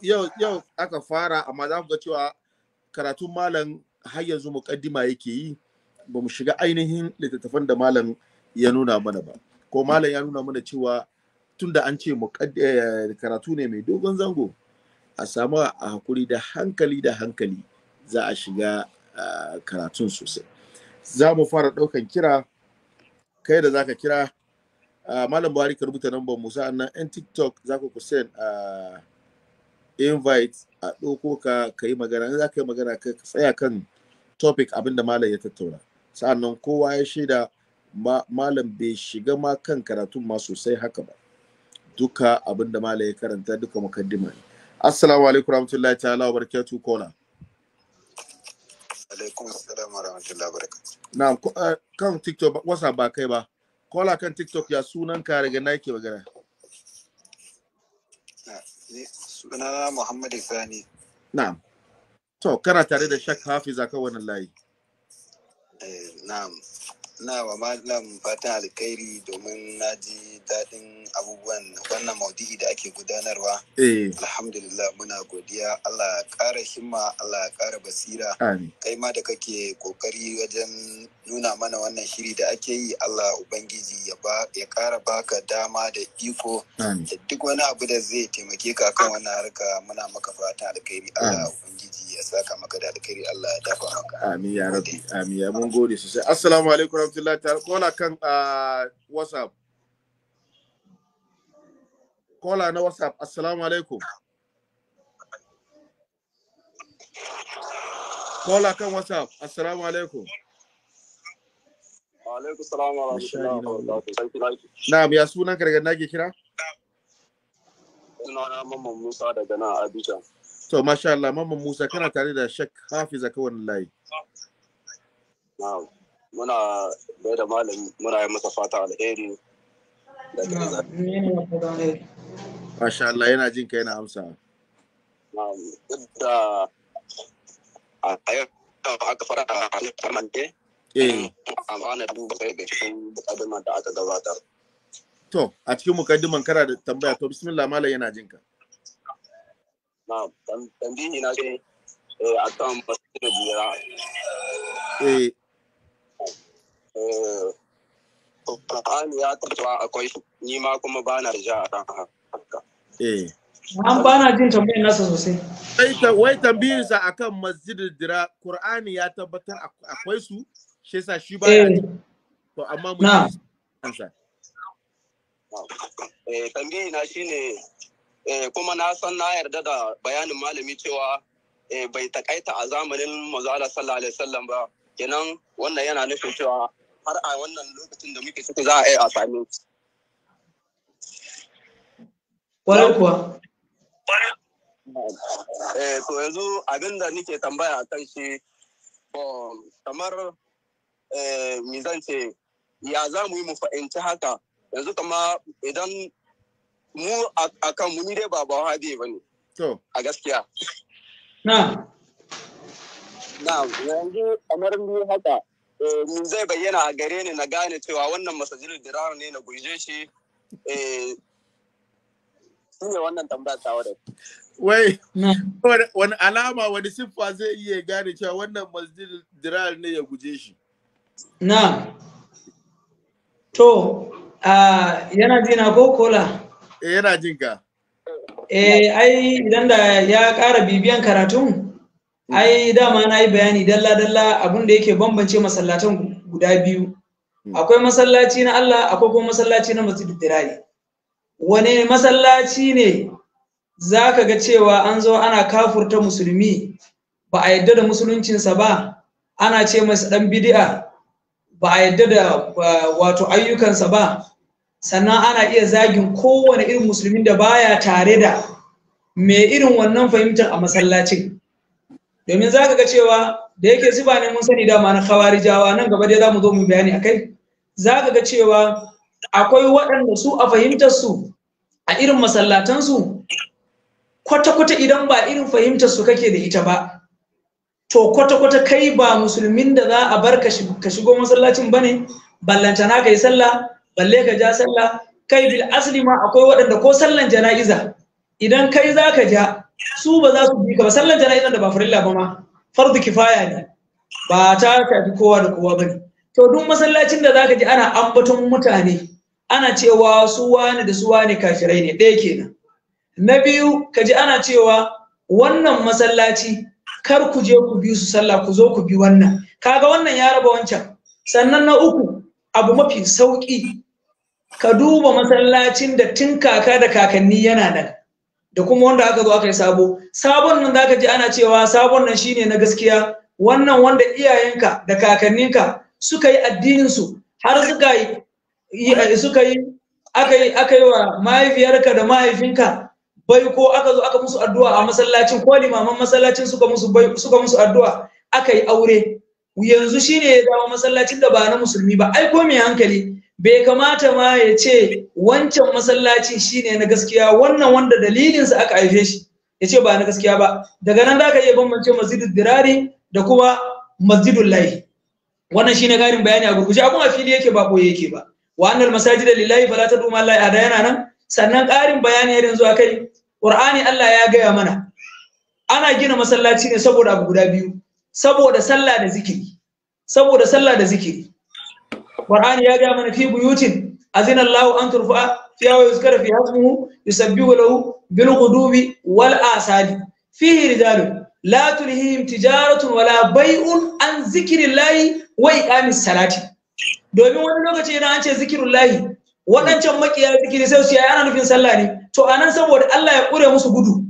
yau yau aka fara amma za ku ga cewa karatun malam har yanzu mukaddima yake yi ba mu shiga ainihin littattafan da malam ya nuna mana ba ko malam ya nuna mana cewa tunda an ce eh, karatu ne mai dogon zango a samu a hakuri da hankali da hankali za a shiga karatun sosai za mu fara ɗaukan kira kai da za ka kira Ah, malam buhari ka rubuta number mu sa'annan yan tiktok za ku ku send a ah, invite a ɗauko ka ka yi magana za ka yi magana ka tsaya kan topic abin da malam ya tattauna sa'annan kowa ya shaida malam bai shiga ma kan karatun ma sosai haka ba duka abin da malam ya karanta duka mukaddima ne assalamu alaikum rahmatullahi ta'ala wa barakatu kola alaikum assalam wa rahmatullahi wa barakatu Na ah, kan tiktok wasa ba kai ba kola kan tiktok ya sunan ka daga na magana sunana muhammad sani na'am to kana tare da shak hafiza kan wannan layi eh, na'am na wa malam fatan alkhairi domin na ji daɗin abubuwan wannan maudu'i da ake gudanarwa. Eh. Alhamdulillah muna godiya Allah ƙara himma Allah ƙara basira. Kai ma da kake ƙoƙari wajen nuna mana wannan shiri da ake yi Allah Ubangiji ya ƙara baka dama da iko da duk wani abu da zai taimake ka kan wannan harka muna maka fatan alkhairi Allah Ubangiji ya saka maka da alkhairi Allah ya dafa maka. Amin ya rabu, amin ya mun gode sosai. Assalamu alaikum rahmatullahi ta'ala kola kan uh, WhatsApp. Kola na WhatsApp. Assalamu alaikum. Kola kan WhatsApp. Assalamu alaikum. Alaikum Na'am ya sunan kargan nake kira? Sunana Mamman Musa daga nan Abuja. To masha Allah Mamman Musa kana tare da shek hafi Akawan Lai. layi. muna bai da malami muna yi masa fata alheri Masha Allah yana jin kai na amsa. Da a yau aka fara a halittar kamante, eh. amfana duba kai da cikin mukaddimar da aka gabatar. To, a cikin mukaddiman kara da tambaya, to bismillah malam yana jin ka. Na, tambayi na ce a kan basu da Eh, Ƙur'ani ya tabbata akwai ni ma kuma ba na ja a kan haka. Eh. An ba na jin tambayin nasa sosai. Wai tambayinsa a kan masjidin dira Ƙur'ani ya tabbatar akwai su shi sa shi ba ya eh. To amma mu kansa. Eh tambayi na shine eh kuma na san na yarda da bayanin malami cewa eh, bai takaita a zamanin manzo sallallahu alaihi wasallam ba kenan wannan yana nufin cewa har a wannan lokacin da muke suka za a yi a same su. kuwa. Eh, to yanzu abin da nike tambaya a kan shi um, kamar eh, Mizance, ya za mu yi mu fa'inci haka yanzu kama idan mu a kan muni dai ba ba hadi ba ne a gaskiya na na yanzu kamar mu haka mun eh, zai bayyana a gare ni na gane cewa wannan masajin dirar ne na guje shi eh, shi ne wannan tambaya ta wai wani alama wani siffa zai iya gane cewa wannan masjid dirar ne ya guje shi na to yana jina ko kola eh, yana jinka eh ai idan da ya ƙara bibiyan karatun ai dama na yi bayani dalla dalla abin da yake bambance masallatan guda biyu hmm. akwai masallaci na Allah akwai kuma masallaci na masjid dirari wane masallaci ne za ka ga cewa an zo ana kafurta musulmi ba a yadda da musuluncinsa ba ana ce masa dan bid'a ba a yadda da wato ayyukansa ba sannan ana iya zagin kowane irin musulmin da baya tare da mai irin wannan fahimtar a masallacin domin za ka ga cewa da yake zuba ne mun sani dama na khawarijawa nan gaba dai za mu zo mu bayani akai za ka ga cewa akwai waɗanda su a fahimtar su a irin masallatan su kwata-kwata idan ba irin fahimtar su kake da ita ba to kwata-kwata kai ba musulmin da za a bar ka shigo masallacin ba ne ballantana ka yi sallah balle ka ja sallah kai bil asli ma akwai waɗanda ko sallan jana'iza idan kai za ka ja su ba za su bi ka ba sallar jana'izar da ba farilla ba ma fardu kifaya ne ba ta tafi kowa da kowa bane to duk masallacin da zaka ji ana ambaton mutane ana cewa su wani da su wani kafirai ne ɗaya kenan na biyu ka ji ana cewa wannan masallaci kar ku je ku bi su sallah ku zo ku bi wannan kaga wannan ya raba wancan sannan na uku abu mafi sauki ka duba masallacin da tun kaka da kakanni yana nan da kuma wanda aka zo aka yi sabo sabon nan zaka ji ana cewa sabon nan shine na gaskiya wannan wanda iyayenka da kakanninka suka yi addinin su har suka yi suka yi aka yi aka yi wa mahaifiyarka da mahaifinka bai ko aka zo aka musu addu'a a masallacin ko limaman masallacin suka musu bai suka musu addu'a aka yi aure yanzu shine ya dawo masallacin da ba na musulmi ba ai ko mai hankali bai kamata ma ya ce wancan masallacin shine na gaskiya wannan wanda dalilinsa aka haife shi ya ce ba na gaskiya ba daga nan zaka iya bambance masjidul dirari da kuma masjidul lahi wannan shine garin bayani a gurguje abun a fili yake ba boye yake ba wa annal masajida lillahi fala tad'u ma allahi da yana nan sannan ƙarin bayani irin zuwa kai. qur'ani Allah ya gaya mana ana gina masallaci ne saboda abu guda biyu saboda sallah da zikiri saboda sallah da zikiri qur'ani ya ga mana fi buyutin azina Allahu an turfa fi ya yuzkara fi ismuhu yusabbihu lahu bil ghudubi wal asali fihi rijalu la tulhihim tijaratun wala bai'un an zikrillahi wa iqamis salati domin wani lokaci idan an ce zikrullahi waɗancan makiya zikiri sai su ana nufin sallah ne to anan saboda Allah ya kure musu gudu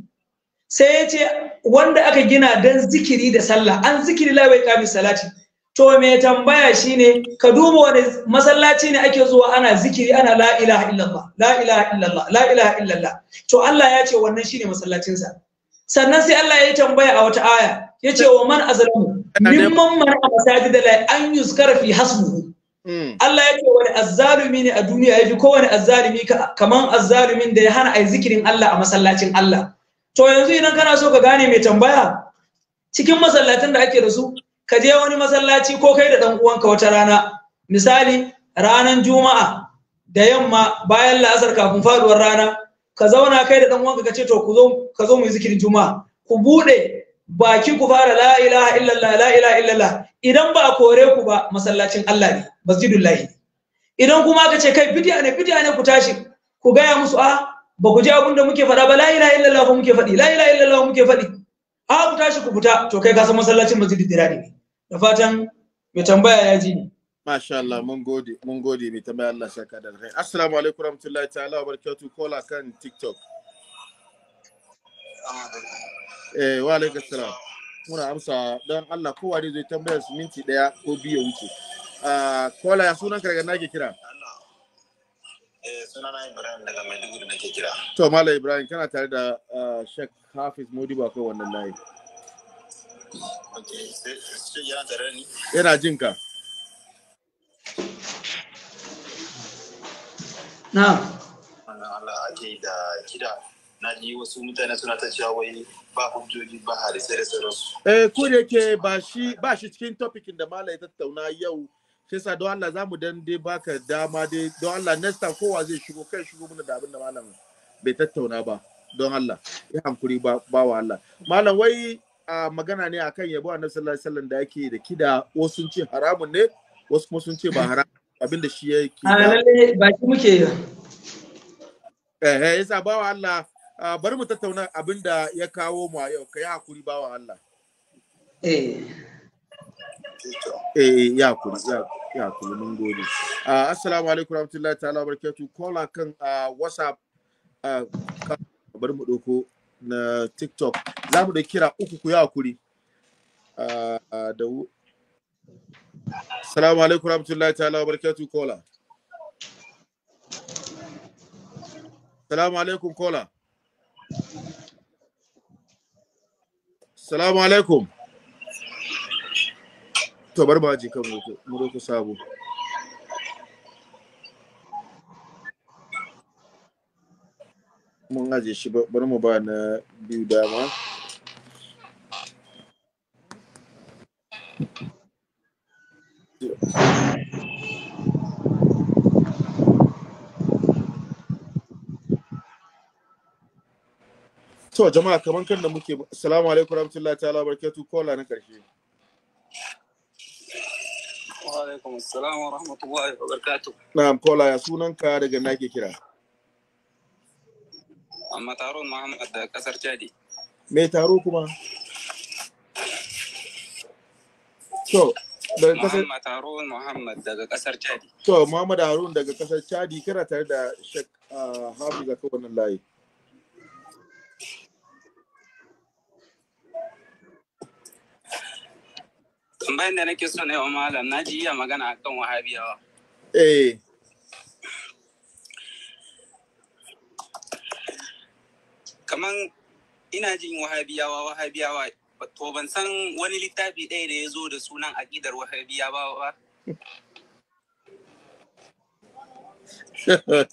sai ya ce wanda aka gina dan zikiri da sallah an zikiri la wa iqamis salati to me tambaya shine ka duba wani masallaci ne ake zuwa ana zikiri ana la ilaha illallah la ilaha illallah la ilaha illallah to Allah ya ce wannan shine masallacinsa sannan sai Allah ya yi tambaya a wata aya ya ce wa man azalamu mimman man masajid la an yuzkara fi hasbuhu hmm. Allah ya ce wani azzalumi ne a duniya ya fi kowane azzalumi kaman azzalumin da ya hana ai zikirin Allah a masallacin Allah to yanzu idan kana so ka gane mai tambaya cikin masallacin da ake da su ka je wani masallaci ko kai da dan uwanka wata rana misali ranan juma'a da yamma bayan la'asar kafin faduwar rana ka zauna kai da dan uwanka ka ce to ku zo ka zo mu yi zikirin juma'a ku bude baki ku fara la ilaha illallah la ilaha illallah idan ba a kore ku ba masallacin Allah ne masjidullahi idan kuma ka ce kai bidiya ne bidiya ne ku tashi ku gaya musu a ba ku ji abin da muke faɗa ba la ilaha illallah ku muke faɗi la ilaha illallah muke faɗi a ku tashi ku fita to kai ka san masallacin masjidul dirani ne da fatan mai tambaya ya ji ni Masha Allah, mun gode, mun gode mai tambaya Allah shaka da rai. Assalamu alaikum warahmatullahi ta'ala wa barakatuh kola kan TikTok. Eh, wa alaikum salam. Muna amsa don Allah kowa ne zai tambaya su minti daya ko biyu wuce. Kola ah, ya sunan ka daga nake kira? Eh, sunana Ibrahim daga Maiduguri nake kira. To Mala Ibrahim kana tare da ah, Sheikh Hafiz Modibo akwai wannan layi. yana jin ka na Allah ake da gida na ji wasu mutane suna ta cewa wai ba hujjoji ba harisai da sauransu. Eh ko da yake ba shi ba shi cikin topikin da Malam ya tattauna yau shi sa don Allah zamu dan dai baka dama dai don Allah next time kowa zai shigo kai shigo mana da abin da malam bai tattauna ba don Allah ya hankuri ba ba wa Allah malam wai magana ne kan yabo annabi sallallahu alaihi wasallam da yake da kida wasu sun ce haramun ne wasu kuma sun ce ba haramun abin da shi yake a lalle ba shi muke eh eh yasa bawa Allah bari mu tattauna abin da ya kawo mu a yau kai hakuri bawa Allah eh eh, eh ya kuri ya kuri mun gode assalamu alaikum warahmatullahi ta'ala barakatuh kola kan whatsapp bari mu doko na tiktok za mu da kira uku ku yi hakuri ah, ah, da salamu alaikum rahmatullahi ta'ala wa kola salamu alaikum kola salamu alaikum to bar ji kan mu sabo mun aje shi bari mu ba na biyu dama To jama'a kamar kan da muke assalamu alaikum rahmatullahi ta'ala barkatu kola na karshe wa alaikum assalam wa rahmatullahi wa barakatuh na'am kola ya sunanka daga nake kira amma taron Muhammad da kasar Chadi. Mai taro kuma? To, daga kasar Muhammad Harun Muhammad daga kasar Chadi. To, Muhammad Harun daga kasar Chadi kana tare da Sheikh ah, Hafiz akan wannan layi. Tambayin da nake so ne wa malam, na ji iya magana akan wahabiyawa. Eh. kaman ina jin wahabiyawa wahabiyawa to ban san wani littafi ɗaya da ya zo da sunan aƙidar wahabiya ba ba [laughs]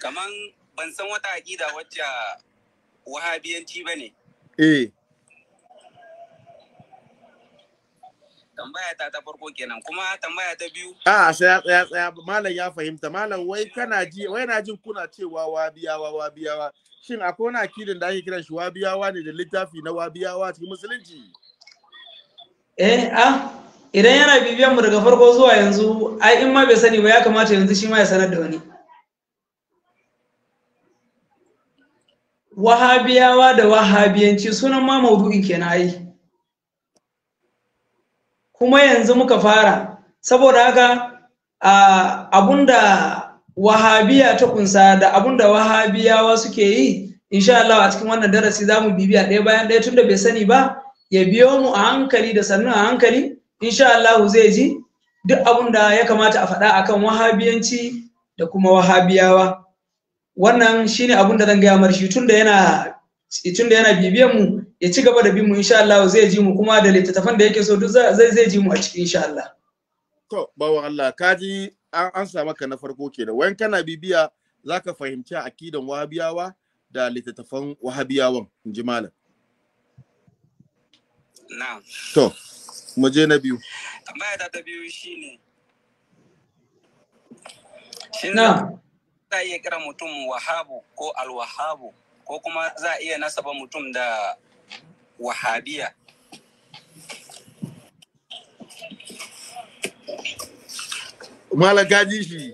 kaman ban san wata aƙida wacce wahabiyanci ba ne eh tambaya ta ta farko kenan kuma tambaya ta biyu a tsaya tsaya tsaya malam ya fahimta malam wai kana ji wai na jin kuna cewa wabiyawa wabiyawa shin akwai wani akidin da ake kiran shi wabiyawa ne da littafi na wabiyawa cikin musulunci eh ah idan yana bibiyan mu daga farko zuwa yanzu ai in ma bai sani ba ya kamata yanzu shi ma ya sanar da wani wahabiyawa da wahabiyanci sunan ma maudu'i kenan ai kuma yanzu muka fara saboda haka ah, abunda wahabiya ta kunsa da abun da wahabiyawa suke yi insha Allah a cikin wannan darasi za mu bibiya ɗaya bayan ɗaya tunda bai sani ba ya biyo mu a hankali da sannu a hankali insha Allah zai ji duk abun da ya kamata a faɗa akan wahabiyanci da kuma wahabiyawa wannan shine abun da zan gaya mar shi tunda yana tunda yana bibiyan mu ya ci gaba da bin mu insha Allah zai ji mu kuma da littattafan da yake so duk zai zai ji mu a cikin insha Allah to bawo Allah kaji an samu ka na farko kenan wayan kana bibiya zaka fahimci akidan wahabiyawa da littattafan wahabiyawan in ji malam na'am to mu je na biyu tambaya ta ta biyu shine shin za a iya kira mutum wahabu ko alwahabu ko kuma za a iya nasaba mutum da wahabiya Mala gaji shi.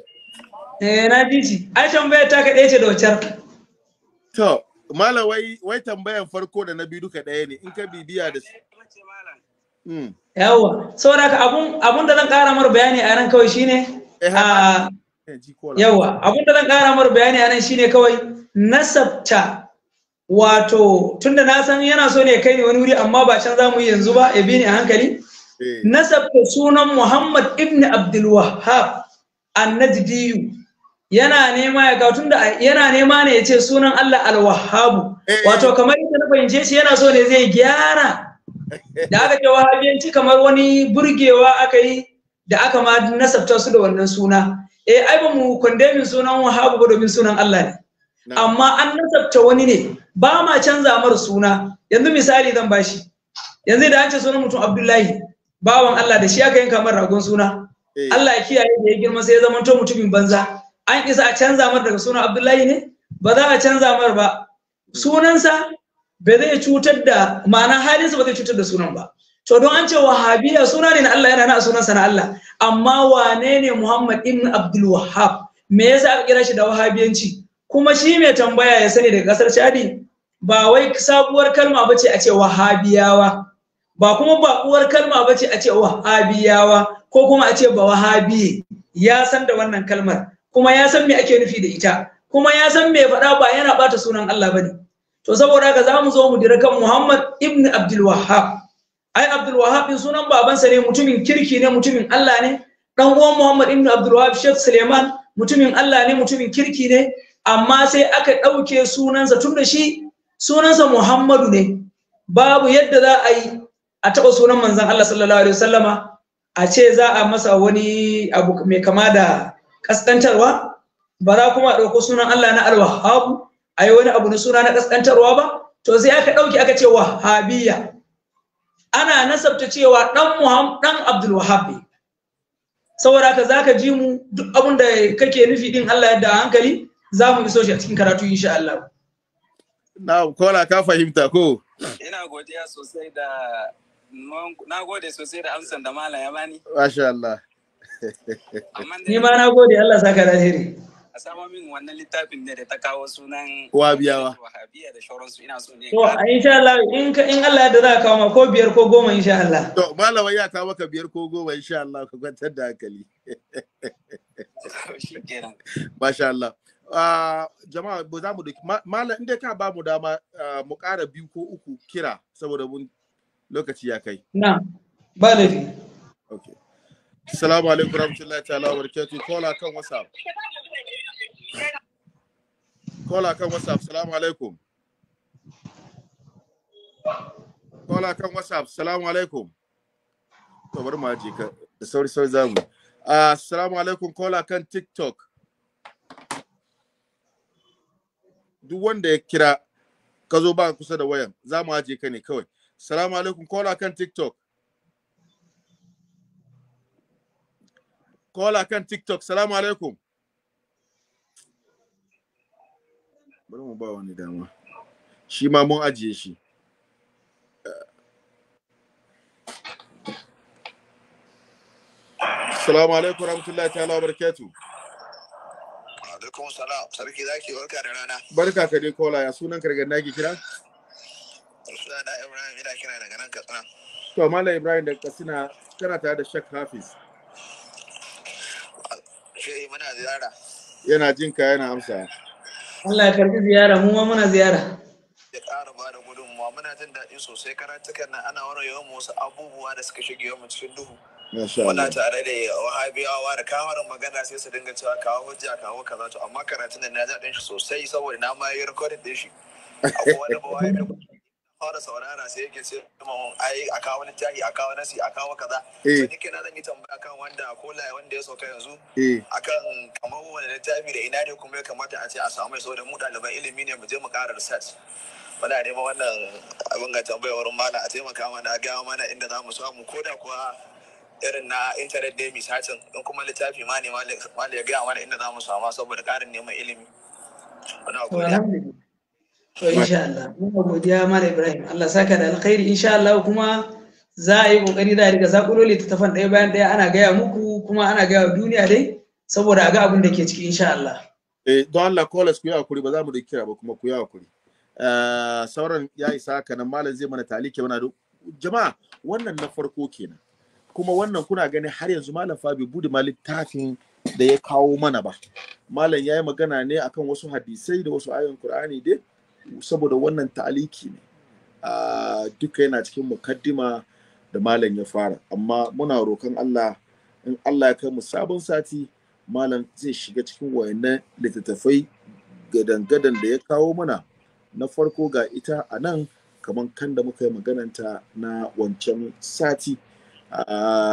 Eh na ji shi. Ai tambaya ta kaɗai ce da wacar. To, Mala wai wai tambayan farko da na biyu duka ɗaya ne in ka bibiya da su. Hmm. Yawwa, saboda ka abun abun da zan ƙara mar bayani a ran kawai shine Eh, ah, eh Yawwa, abun da zan ƙara mar bayani a ran shine kawai nasabta wato tunda na san yana so ne kai ne wani wuri amma ba can za mu yi yanzu ba ya bi ni a hankali Eh. nasabta sunan Muhammad ibn Abdul Wahhab annajdiyu yana nema ya ga tunda yana nema ne yace sunan Allah al-Wahhab eh. wato kamar yadda na fahimce shi yana so ne zai gyara [laughs] da aka ce wahabiyanci kamar wani burgewa aka yi da aka ma nasabta su da wannan suna eh ai ba mu kondemin sunan wahabu ba domin sunan Allah ne amma an nasabta wani ne ba ma canza mar suna yanzu misali zan bashi yanzu da an ce sunan mutum Abdullahi bawan Allah da shi aka yanka kamar ragon suna eh. Allah ya kiyaye da ya girma sai ya zama mutumin banza an isa a canza mar daga sunan Abdullahi ne ba za a canza mar ba sunansa ba zai cutar da ma'ana halinsa ba zai cutar da sunan ba to don an ce wahabiya suna ne na Allah yana na sunansa na Allah amma wane ne Muhammad ibn Abdul Wahhab me yasa aka kira shi da wahabiyanci kuma shi mai tambaya ya sani daga kasar Chadi ba wai sabuwar kalma ba ce a ce wahabiyawa ba kuma ba uwar kalma ba ce a ce wahabiyawa ko kuma a ce ba wahabi ya san da wannan kalmar kuma ya san me ake nufi da ita kuma ya san me faɗa ba yana bata sunan Allah bane to saboda haka zamu zo mu dira kan Muhammad ibn Abdul Wahhab ai Abdul Wahhab din sunan babansa ne mutumin kirki ne mutumin Allah ne dan uwan Muhammad ibn Abdul Wahhab Sheikh Suleiman mutumin Allah ne mutumin kirki ne amma sai aka ɗauke sunansa tun da shi sunansa Muhammadu ne babu yadda za a yi a taɓa sunan manzan Allah sallallahu alaihi wasallama a ce za a masa wani abu mai kama da kaskantarwa ba za kuma a ɗauko sunan Allah na alwahabu a yi wani abu na suna na kaskantarwa ba to sai aka ɗauki aka ce wahabiyya ana nasabta cewa ɗan muham ɗan abdul wahab saboda za zaka ji mu duk abin da kake nufi din Allah yadda hankali za mu iso shi a cikin karatu insha Allah na kola ka fahimta ko ina godiya sosai da Na gode sosai da amsan da mala ya bani. Masha Allah. Ni ma na gode Allah saka da alheri. A samo min wannan littafin ne da ta kawo sunan Wahabiyawa. Wahabiya da shauransu ina so ne. To insha Allah in in Allah ya da za kawo ma ko biyar ko goma insha Allah. To malama ya ta maka biyar ko goma insha Allah ka kwantar da hankali. [laughs] Masha Allah. Uh, jama'a ba za mu da mala inda ka ba mu dama uh, mu ƙara biyu ko uku kira saboda mun lokaci ya kai na ba laifi Ok. Salamu alaikum rahmatullahi ta'ala wa barakatuh kola kan whatsapp kola kan whatsapp Salamu alaikum kola kan whatsapp Salamu alaikum to bari mu aje ka da sauri sauri za mu. Ah, assalamu alaikum kola kan tiktok duk wanda ya kira ka zo ba kusa da wayan za mu aje ka ne kawai Salamu alaikum, kola kan TikTok. Kola kan TikTok, salamu alaikum. Bari mu ba wani dama. Shi ma mun ajiye shi. Salamu alaikum rahmatullahi ta'ala wa barakatu. Alaikum salam, sarki zaki barka da rana. Barka ka dai kola, ya sunan kargan naki kira? ina kira daga nan Katsina. To Malam Ibrahim da Katsina kana tare da Sheikh Hafiz. Shehi muna ziyara. Yana jin ka yana amsa. Allah ya karbi ziyara mu ma muna ziyara. Ya ƙara ba da gudunmuwa muna jin daɗi sosai karatukan nan ana wara yawan wasu abubuwa da suka shige mu cikin duhu. Muna tare da wahabiyawa da kawar magana sai su dinga cewa kawo hujja kawo kaza to amma karatun da na jaɗin shi sosai saboda na ma yi rikodin ɗin shi. Akwai wani bawa ya fara saurara sai yake ce mun ai a kawo littafi a kawo nasi a kawo kaza eh. to ni kenan zan yi tambaya kan wanda ko layi wanda ya sauka yanzu eh. akan kamar wani littafi da ina ne kuma ya kamata a ce a samu saboda mu ɗaliban ilimi ne mu je mu ƙara research muna neman wannan abin ga tambayar mana a taimaka mana a gaya mana inda za mu samu ko da kuwa irin na intanet ne misacin in kuma littafi ma ne ma ya gaya mana inda za mu samu saboda ƙarin neman ilimi. Wani insha Allah muna godiya mala Ibrahim Allah saka da alkhairi insha Allah kuma za a yi kokari da riga sakulo littattafan ɗaya bayan ɗaya ana gaya muku kuma ana gaya wa duniya dai saboda a ga abin da ke ciki insha Allah eh don Allah callers ku yi hakuri ba za mu da kira ba kuma ku yi hakuri eh, sauran ya isa haka nan malam zai mana talike mana jama'a wannan na farko kenan kuma wannan kuna gani har yanzu malam Fabi bude ma littafin da ya kawo mana ba malam ya yi magana ne akan wasu hadisai da wasu ayoyin Qur'ani dai saboda wannan ta'aliki ne duka yana cikin mukaddima da malam ya fara amma muna roƙon Allah in Allah ya kai mu sabon sati malam zai shiga cikin wayannan littattafai gadan-gadan da ya kawo mana na farko ga ita a nan kamar kan da muka yi magananta na wancan sati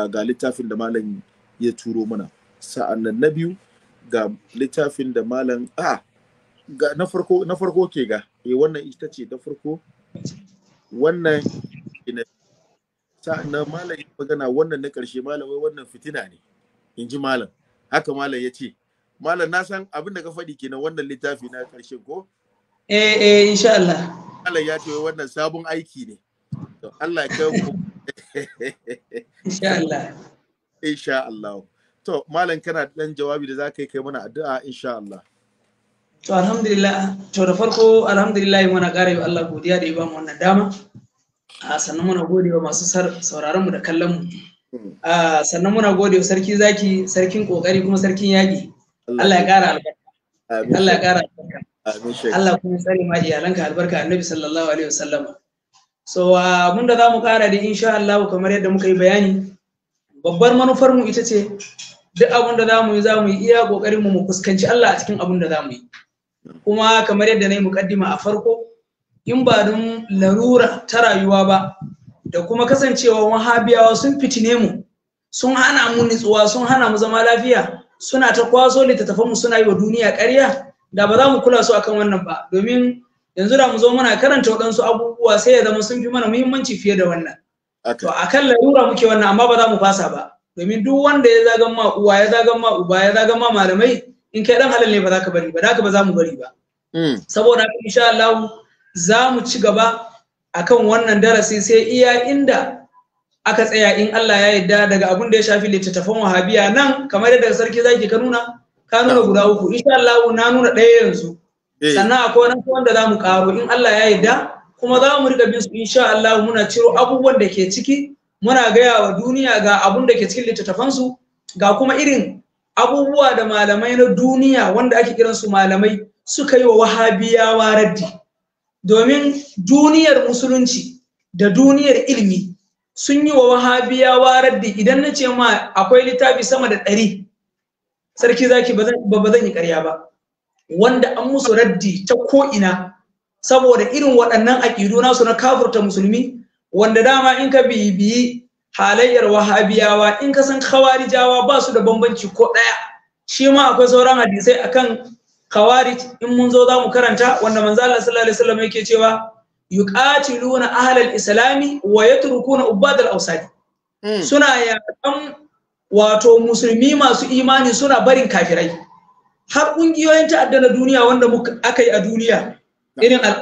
ga littafin da malam ya turo mana sa'annan na biyu ga littafin da malam a na farko ke ga eh wannan ita ce ta farko wannan sa'annan malam ya magana wannan na karshe malam wai wannan fitina ne in ji malam haka malam ya ce malam na san abin da ka faɗi kenan wannan littafi na karshe ko eh eh insha Allah malam ya ce wai wannan sabon aiki ne to Allah ya kai [laughs] insha Allah insha Allah to malam kana dan jawabi da za ka yi kai mana addu'a insha Allah to alhamdulillah to da farko alhamdulillah muna ƙara wa Allah godiya da ya bamu wannan dama sannan muna gode wa masu sauraron mu da kallon mu sannan muna gode wa sarki zaki sarkin kokari kuma sarkin yaƙi Allah ya ƙara albarka Allah ya kara albarka Allah kuma tsare ma iyalanka albarka annabi sallallahu alaihi wasallam so mun da zamu kara da insha Allah kamar yadda muka yi bayani babbar manufar mu ita ce duk abin da zamu yi zamu yi iya kokarin mu mu fuskanci Allah a cikin abin da zamu yi kuma kamar yadda na yi mukaddima a farko in ba don larura ta rayuwa ba da kuma kasancewa wahabiyawa sun fitine mu sun hana mu nitsuwa sun hana mu zama lafiya suna ta kwaso littattafan mu suna yi wa duniya ƙarya da ba za mu kula su akan wannan ba domin yanzu da mu zo muna karanta waɗansu abubuwa sai ya zama sun fi mana muhimmanci fiye da wannan to akan larura muke wannan amma ba za mu fasa ba domin duk wanda ya zagan ma uwa ya zagan ma uba ya zagan ma malamai in kai dan halal ne ba za ka bari ba haka ba za mu bari ba hmm. saboda haka insha Allah za mu ci gaba akan wannan darasi sai iya inda aka tsaya in Allah ya yarda daga abun da ya shafi littattafan wahabiya nan kamar yadda sarki zaki ka nuna ka nuna guda uku insha Allah na nuna ɗaya yanzu eh. sannan akwai wani wanda za mu karo in Allah ya yarda kuma za mu riga bin su insha Allah muna ciro abubuwan da ke ciki muna gaya wa duniya ga abun da ke cikin littattafan ga kuma irin abubuwa da malamai na duniya wanda ake su malamai suka yi wa wahabiyawa raddi domin duniyar musulunci da duniyar ilimi sun yi wa wahabiyawa raddi idan na ce ma akwai littafi sama da ɗari sarki zaki ba zan yi ƙarya ba wanda an musu raddi ta ko'ina saboda irin waɗannan aƙidu nasu na kafurta musulmi wanda dama in ka bibiyi halayyar wahabiyawa in ka san khawarijawa ba su da bambanci ko ɗaya shi ma akwai sauran hadisai akan khawarij in mun zo za mu karanta wanda manzo Allah sallallahu alaihi wasallam yake cewa yuqatiluna ahlal islami wa yatrukuna ubadal awsad hmm. suna yaƙan wato musulmi masu imani suna barin kafirai har ƙungiyoyin ta'adda na duniya wanda aka yi a duniya irin al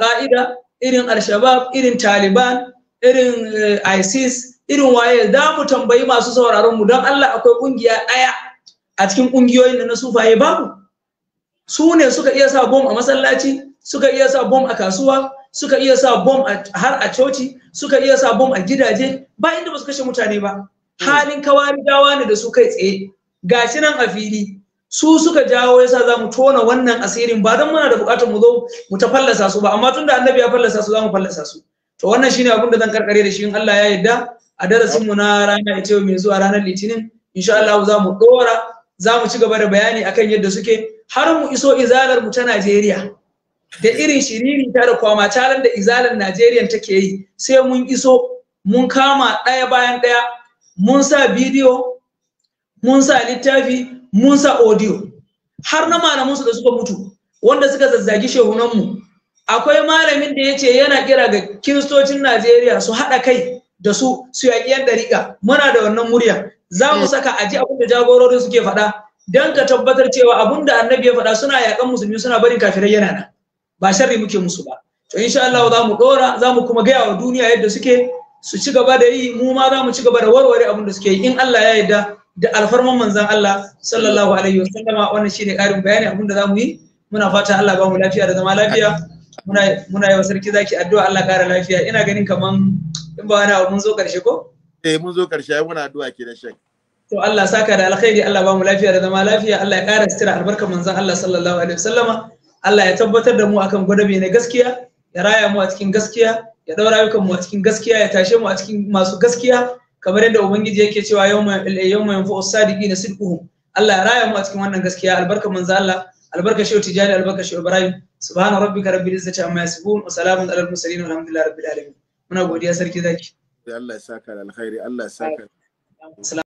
irin al-shabab irin taliban irin eh, isis irin waye za mu tambayi masu sauraron mu don Allah akwai kungiya ɗaya a cikin kungiyoyin da na sufaye babu su ne suka iya sa bom a masallaci suka iya sa bom a kasuwa suka iya sa bom a har a coci suka iya sa bom a gidaje ba inda ba su kashe mutane ba halin kawari dawa ne da su kai tsaye shi nan a fili su suka jawo yasa za mu tona wannan asirin ba don muna da bukatar mu zo mu ta fallasa su ba amma tunda annabi ya fallasa su za mu fallasa su to wannan shine abin da zan karkare da shi in Allah ya yarda a darasin mu na rana ita mai zuwa ranar litinin insha Allah za mu dora za mu ci gaba da bayani akan yadda suke har mu iso izalar mu ta Najeriya da irin shiriri ta da kwama talan da izalar Najeriya take yi sai mun iso mun kama ɗaya bayan ɗaya mun sa bidiyo mun sa littafi mun sa audio har na malamansu da suka mutu wanda suka zazzagi shehunanmu akwai malamin da ya ce yana kira ga kiristocin najeriya su haɗa kai da su su yaƙi yan ɗariƙa muna da wannan murya za mu eh. saka a ji abin da jagororin suke faɗa don ka tabbatar cewa abin da annabi ya faɗa suna yaƙan musulmi suna barin kafirai yana nan ba sharri muke musu ba to insha Allah za mu ɗora za mu kuma gaya wa duniya yadda suke su ci gaba da yi mu ma za mu ci gaba da warware abin da suke yi in Allah ya yarda da alfarman manzan Allah sallallahu alaihi wasallama wannan shine ƙarin bayani abin da za mu yi muna fata Allah ba mu lafiya da zama lafiya muna yi wa sarki zaki addu'a Allah kara lafiya ina ganin kamar in ba wani abu mun zo karshe ko eh mun zo karshe ai muna addu'a ke da shek to Allah saka da alkhairi Allah ba mu lafiya da zama lafiya Allah ya kara sitira albarkar manzon Allah sallallahu alaihi wasallama Allah ya tabbatar da mu akan gwadabe na gaskiya ya raya mu a cikin gaskiya ya daura ayyukan mu a cikin gaskiya ya tashe mu a cikin masu gaskiya kamar yadda ubangiji yake cewa yawma yawma yanfu as-sadiqina sidquhum Allah ya raya mu a cikin wannan gaskiya albarkar manzon Allah albarka shehu tijani albarka shehu ibrahim subhana rabbika rabbil izzati amma yasifun wa salamun alal mursalin walhamdulillahi rabbil alamin muna godiya sarki zaki Allah